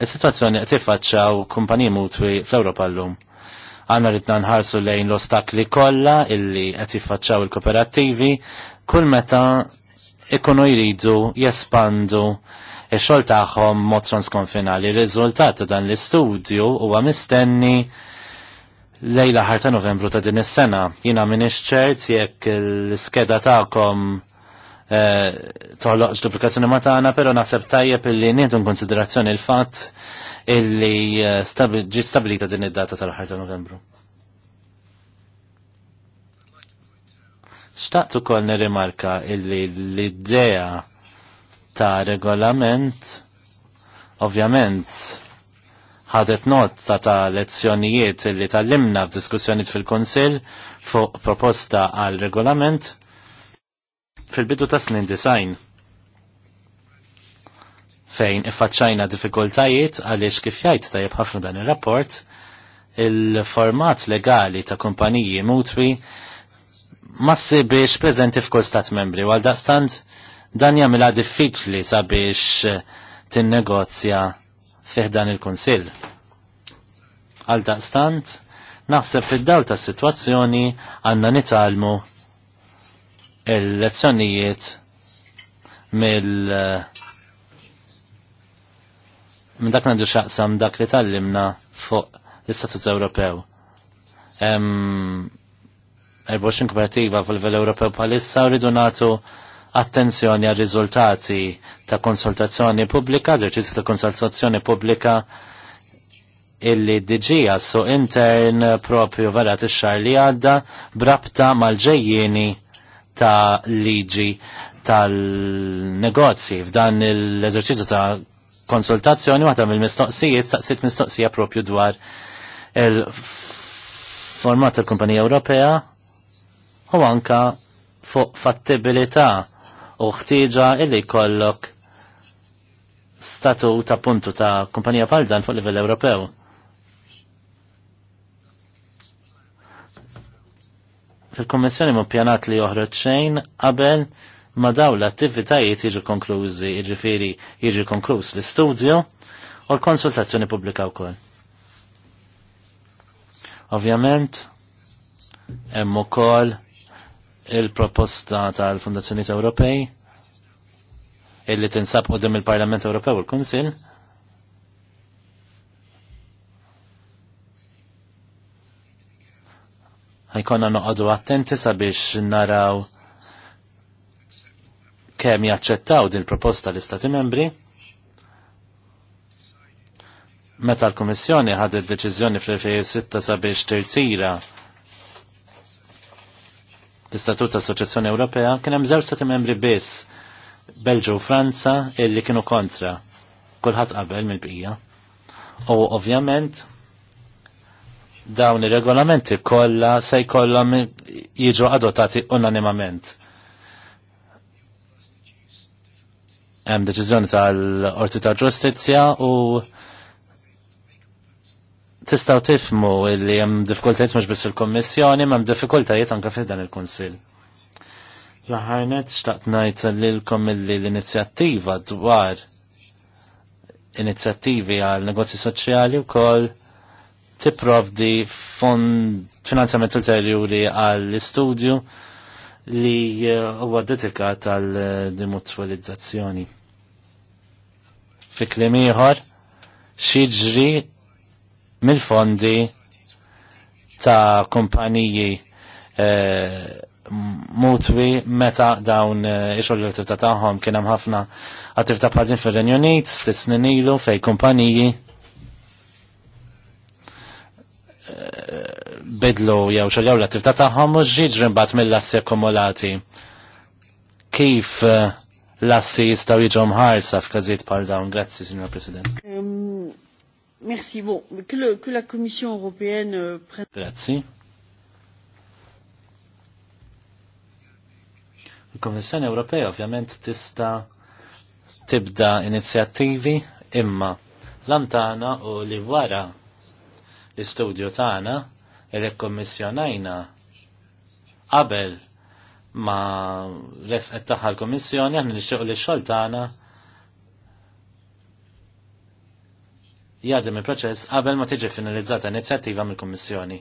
Is-situazzjoni qed tiffaċċaw kumpaniji mutwi fl-Ewropa llum. Għanna ridna nħarsu lejn l-ostakli kollha illi qed jiffaċċaw il-kooperattivi kull meta ikunu jridu jespandu il xogħol tagħhom mod transkonfinali. Riżultat ta' dan l-istudju huwa mistenni lejla ħarta ta' Novembru ta' din is-sena. Jiena minn ċert jekk l-iskeda tagħkom eh, toħloqx duplikazzjoni ma tagħna, però naħseb tajjeb illi nieħdu konsiderazzjoni l-fatt illi eh, ġi stabilita din id-data tal-ħar ta' Novembru. Xtaqt ukoll nirimarka illi l-idea ta' regolament ovvjament ħadet not ta' ta' lezzjonijiet li tal-limna f'diskussjoniet fil-Konsil fuq proposta għal regolament fil-bidu ta' snin design fejn iffaċċajna diffikultajiet għaliex kif jgħid tajjeb ħafna dan ir-rapport il-format legali ta' kumpaniji mutwi massi biex prezenti f'kull stat membri, għal daqstant dan jagħmilha diffiċli sabiex eh, tinnegozja fih dan il-Kunsill. Għal daqstant naħseb fid-dawl ta' sitwazzjoni għandna nitalmu il-lezzjonijiet mill eh, minn dak nandu xaqsam dak li tallimna fuq l-Istatut Ewropew. 24 kooperativa fil vel Ewropew bħalissa ridu nagħtu attenzjoni għal riżultati ta' konsultazzjoni pubblika, eżerċizzju ta' konsultazzjoni pubblika illi diġija su intern propju vera t-xar li għadda brabta mal-ġejjini ta' liġi tal-negozji f'dan l-eżerċizzju ta' konsultazzjoni waħda mill-mistoqsijiet staqsit mistoqsija propju dwar il-format tal-Kumpanija Ewropea u anka fuq fattibilità u ħtieġa illi kollok statu ta' puntu ta' kumpanija bħal dan fuq livell Ewropew. Fil-Kommissjoni mu pjanat li joħroġ xejn qabel ma daw l-attivitajiet jiġu konklużi, jiġifieri jiġi konkluż l-istudju u l-konsultazzjoni pubblika wkoll. Ovvjament, hemm ukoll il-proposta tal fundazzjoni Ewropej illi tinsab qudiem il-Parlament Ewropew u l-Kunsill. ħajkonna noqogħdu attenti sabiex naraw kemm jaċċettaw din proposta l-Istati Membri. Meta l-Kummissjoni ħadet deċiżjoni fl-2006 sabiex tirtira l-Istatut Assoċjazzjoni Ewropea kien hemm żewġ seti membri biss Belġu u Franza illi kienu kontra kulħadd qabel mill-bqija. U ovvjament dawn ir-regolamenti kollha se jkollhom jiġu adottati unanimament. Hemm deċiżjoni tal-Qorti ta' Ġustizzja u tistaw tifmu li hemm difkultajt mhux biss il kommissjoni ma hemm diffikultajiet anke fil dan il-Kunsill. Laħarnet xtaqt ngħid lilkom illi l-inizjattiva dwar inizjattivi għal negozji soċjali wkoll tipprovdi finanzjament ulterjuri għall istudju li uh, huwa dedikat għal uh, dimutwalizzazzjoni. Fi klim ieħor, mill-fondi ta' kumpaniji eh, mutwi meta dawn eh, ixol l-attività tagħhom kien hemm ħafna attività bħal fir-Renju Unit, snin ilu fej kumpaniji eh, bidlu jew xogħol l-attività tagħhom u ġiġri mbagħad mill-assi akkumulati. Kif l-assi jistgħu jiġu mħarsa f'każijiet bħal dawn? Grazzi, Signor President. Merci. Bon, que, le, que la Commission européenne euh, prenne. Grazie. Il-Kommissjoni Ewropea ovvjament tista tibda inizjattivi imma lantana u li wara l-istudju tagħna il-kommissjonajna qabel ma resqet taħħa l-Kommissjoni għan nixtieq li x-xogħol tagħna jgħadem il-proċess qabel ma tiġi finalizzata inizjattiva mill-Kummissjoni.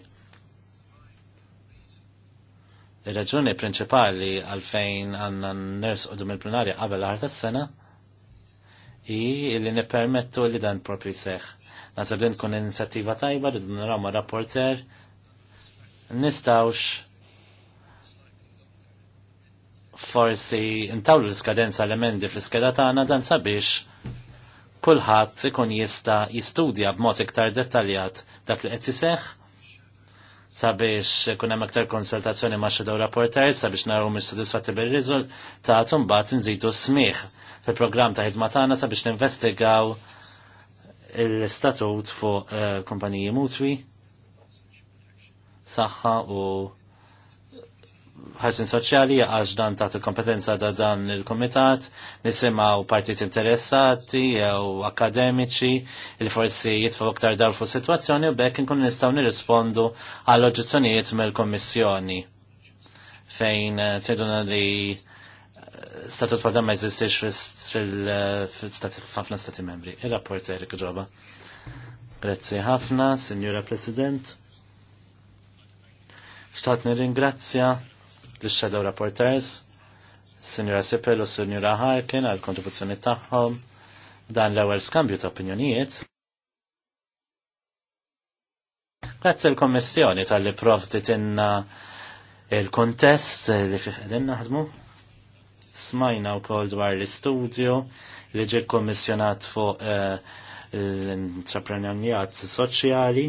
Ir-raġuni prinċipali għalfejn għanna n-ners u il-plenarja qabel l s tas-sena i li nippermettu li dan propri seħ. Nasab li nkun inizjattiva tajba li dun rama rapporter nistawx forsi intawlu l-skadenza l-emendi fl-iskeda tagħna dan sabiex kulħadd ikun jista jistudja b'mod iktar dettaljat dak li qed iseħħ sabiex ikun hemm aktar konsultazzjoni ma' xedew rapporter sabiex naraw mis-sodisfatti bir-riżultat u mbagħad nżidu smigħ fil-programm ta' ħidma tagħna sabiex ninvestigaw il-statut fuq eh, kumpaniji mutwi saħħa u ħarsin soċjali għax dan ta' kompetenza ta dan il-komitat, nisimaw partit interessati jew akademiċi il forsi jitfaw aktar dar fuq situazzjoni u bekk nkun nistaw nirrispondu għall oġġezzjonijiet mill-Kommissjoni fejn eh, tgħiduna li eh, status padam ma jeżistix fil-ħafna stati membri. Il-rapport Erik Ġoba. Grazzi ħafna, Signora President. Xtaqt nirringrazzja l-Shadow Rapporters, Sinjura Sipel u Sinjura Harkin għal kontribuzzjoni tagħhom dan l-ewwel skambju ta' opinjonijiet. Grazzi l-Kommissjoni tal-li provdit inna il-kontest li fih qegħdin naħdmu. Smajna wkoll dwar l-istudju li ġie kommissjonat fuq eh, l-intraprenjonjat soċjali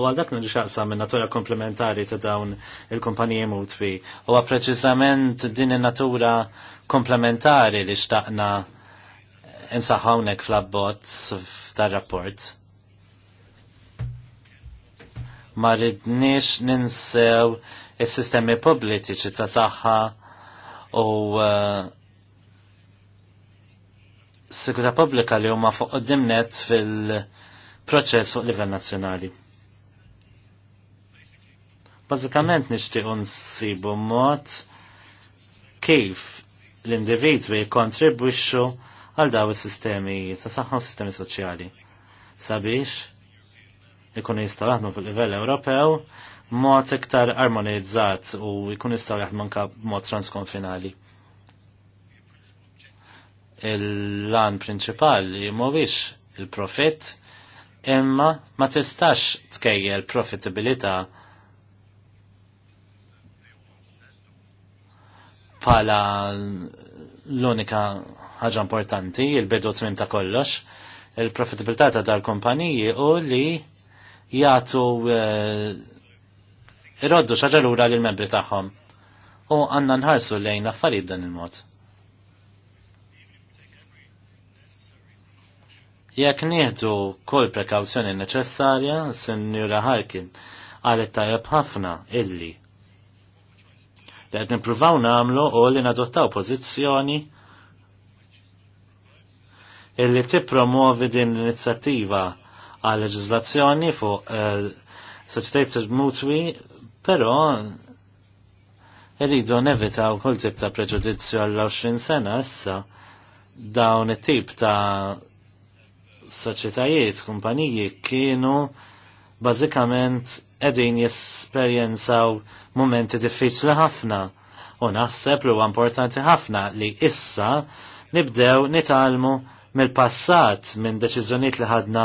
U għal dak nġaqsa minn natura komplementari ta' dawn il-kumpaniji mutwi. U preċiżament din in-natura komplementari li xtaqna insaħawnek fl-abbozz f'dar rapport. Ma ridniex ninsew is-sistemi pubbliċi ta' saħħa u uh, sigurta pubblika li huma fuq dimnet fil- proċess fuq livell nazzjonali. Bażikament nixtiequ nsibu mod kif l-individwi jikkontribwixxu għal daw is-sistemi ta' saħħa u sistemi soċjali. Sabiex ikun jistgħu jaħdmu fil-livell Ewropew mod iktar armonizzat u jkun jistgħu jaħdmu anke mod transkonfinali. Il-lan prinċipali mhuwiex il-profitt imma ma tistax tkejjel profitabilità' pala l-unika ħaġa importanti, il-bidu t-mim ta' kollox, il-profitabilità ta' dal-kompaniji u li jgħatu eh, irroddu xaġa lura l membri tagħhom. U għanna nħarsu lejn affarijiet dan il-mod. Jekk nieħdu kull prekawzjoni neċessarja, Sinjura Harkin qalet tajjeb ħafna illi li għed nipruvaw namlu u li nadottaw pozizjoni illi tipromuovi din l-inizjattiva għal leġizlazzjoni fuq eh, soċtejt mutwi, pero irridu nevitaw kull tip ta' preġudizzju għall 20 sena issa dawn it-tip ta' soċjetajiet, kumpaniji kienu bażikament edin jesperjenzaw momenti diffiċli ħafna u naħseb li huwa importanti ħafna li issa nibdew nitalmu mill-passat minn deċiżjonijiet li ħadna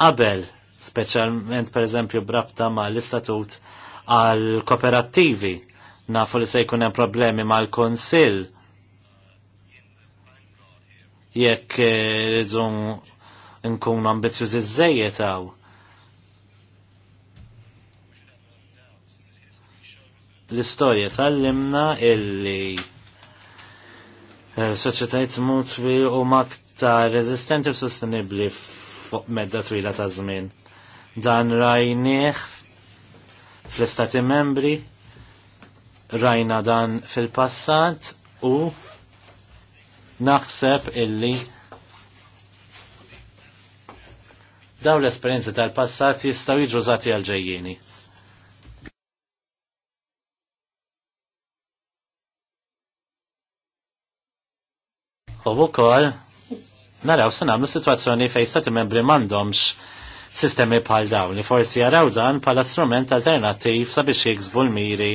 qabel, speċjalment pereżempju brabta ma' l-istatut għal kooperattivi. Nafu li se jkun hemm problemi mal-Kunsill jekk eh, rridu nkunu ambizjużi żejjed hawn l-istorja tal-limna illi eh, soċetajt mutwi u makta rezistenti u sostenibli fuq medda twila ta' żmien. Dan rajnieħ fl-istati membri, rajna dan fil-passat u naħseb illi daw l-esperienzi tal-passat jistaw jiġu għal-ġejjini. u wkoll naraw se nagħmlu sitwazzjoni fejn stati membri m'għandhomx sistemi bħal dawn li forsi jaraw dan bħala strument alternattiv sabiex jiksbu l-miri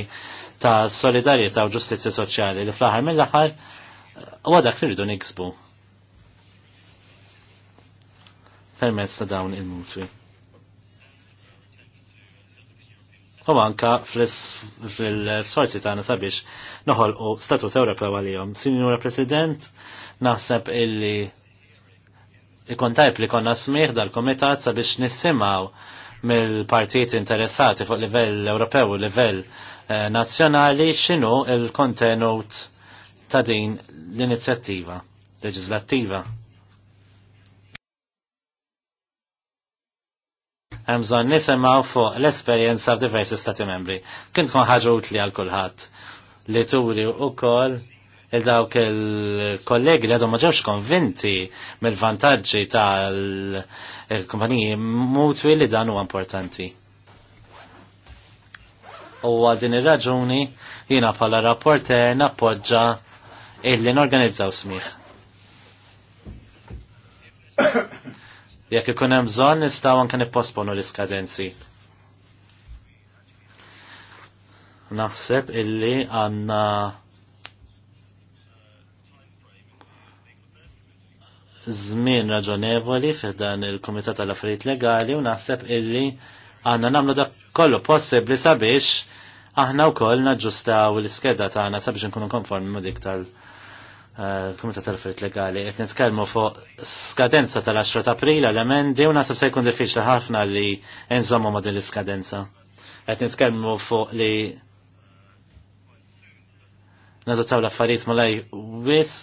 ta' solidarjetà u ġustizzja soċjali li fl-aħħar mill-aħħar eh, u għadak li rridu niksbu. Permezz ta' dawn il-mutwi. u anka fil ta' tagħna sabiex noħolqu statut Ewropew għalihom. Sinjura President, Naħseb illi ikun tajb li konna smir dal-komitat sabiex nissimaw mill-partijiet interessati fuq livell Ewropew u livell eh, nazzjonali xinu il-kontenut ta' din l-inizjattiva leġislattiva. Hemm bżonn nisimgħu fuq l-esperjenza f'diversi stati membri. Kien tkun ħaġa utli għal kulħadd li turi wkoll il-dawk il-kollegi li għadhom ma ġewx konvinti mill-vantaġġi tal-kumpaniji mutwi li dan huwa importanti. U għal din ir-raġuni jiena bħala rapporter nappoġġa illi norganizzaw smih. Jekk ikun hemm bżonn nistgħu anke nipposponu l-iskadenzi. Naħseb illi għandna żmien raġonevoli f'dan il komitat tal-Affarijiet Legali u naħseb illi għandna nagħmlu dak kollu possibbli sabiex aħna wkoll naġġustaw l-iskeda tagħna sabiex nkunu konformi ma' dik tal-Kumitat tal-Affarijiet Legali. Qed nitkellmu fuq skadenza tal-10 ta' April l emendi u naħseb se jkun diffiċli ħafna li nżommu ma' din l-iskadenza. Qed nitkellmu fuq li nadottaw l-affarijiet ma lej wis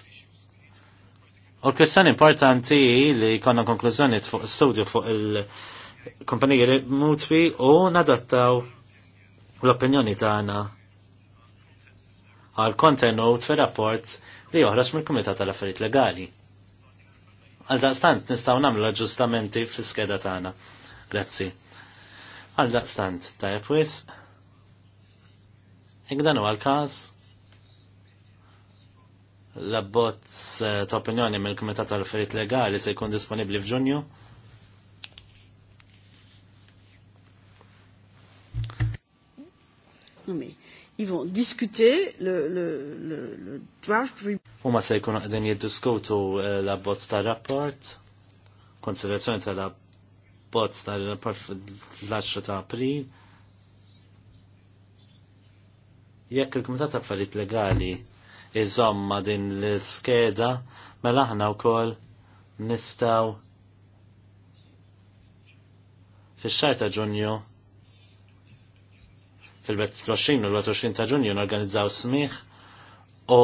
U l-kwestjoni importanti li konna konklużjoni fuq studju fuq il-kompaniji mutwi u nadattaw l-opinjoni tagħna għal kontenut fi rapport li joħroġ mill-Kumitat tal-Affarijiet Legali. Għal daqstant nistgħu nagħmlu aġġustamenti fl-iskeda tagħna. Grazzi. Għal daqstant tajjeb wisq. Ikdanu dan huwa l-każ, l-abbozz eh, ta' opinjoni mill-Kumitat tal-Affarijiet Legali se jkun disponibbli f'Ġunju. Ils vont discuter le, le, le, le draft report. Huma se jkunu qegħdin jiddiskutu eh, l-abbozz tar-rapport, konsiderazzjoni tal-abbozz tar-rapport fl-10 ta' April. Jekk il-Kumitat tal-Affarijiet Legali iżomma din l-skeda mela aħna wkoll nistgħu fix-xahar ta' Ġunju fil-20 u l-20 ta' Ġunju norganizzaw smiħ u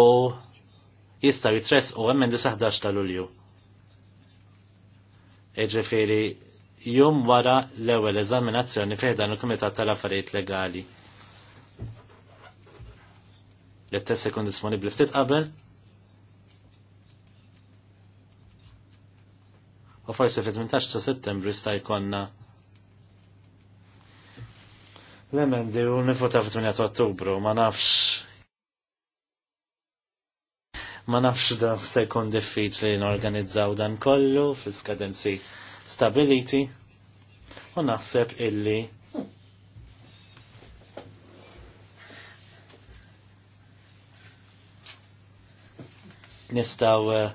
jistaw jitres u għemmen disa 11 ta' Lulju. Eġifieri jum wara l-ewwel eżaminazzjoni fejn dan il-Kumitat tal-Affarijiet Legali li t-test jkun disponibli ftit qabel. U forsi fit-18 ta' settembru jista' jkollna l-emendi u nifuta fit-8 ottubru, ma nafx ma nafx da se jkun diffiċli norganizzaw dan kollu fl-skadenzi stability u naħseb illi nistaw eh,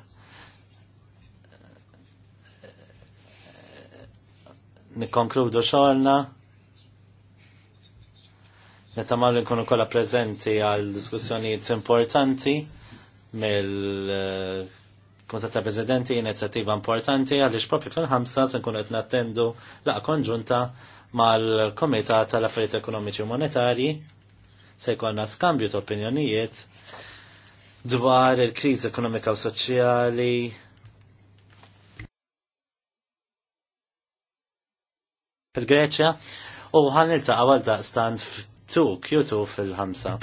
nikonkludu xogħolna. Meta mal nkunu kollha preżenti għal diskussjonijiet importanti mill eh, Kunzat Prezidenti inizjattiva importanti għaliex propri fil-ħamsa se nkunu qed nattendu laqa konġunta mal-Komitat tal-Affarijiet Ekonomiċi u Monetarji se jkollna skambju ta' opinjonijiet dwar il-kriżi ekonomika u soċjali. fil-Greċja u ħan il-taqqa għal stand f'tuk, jutu fil-ħamsa.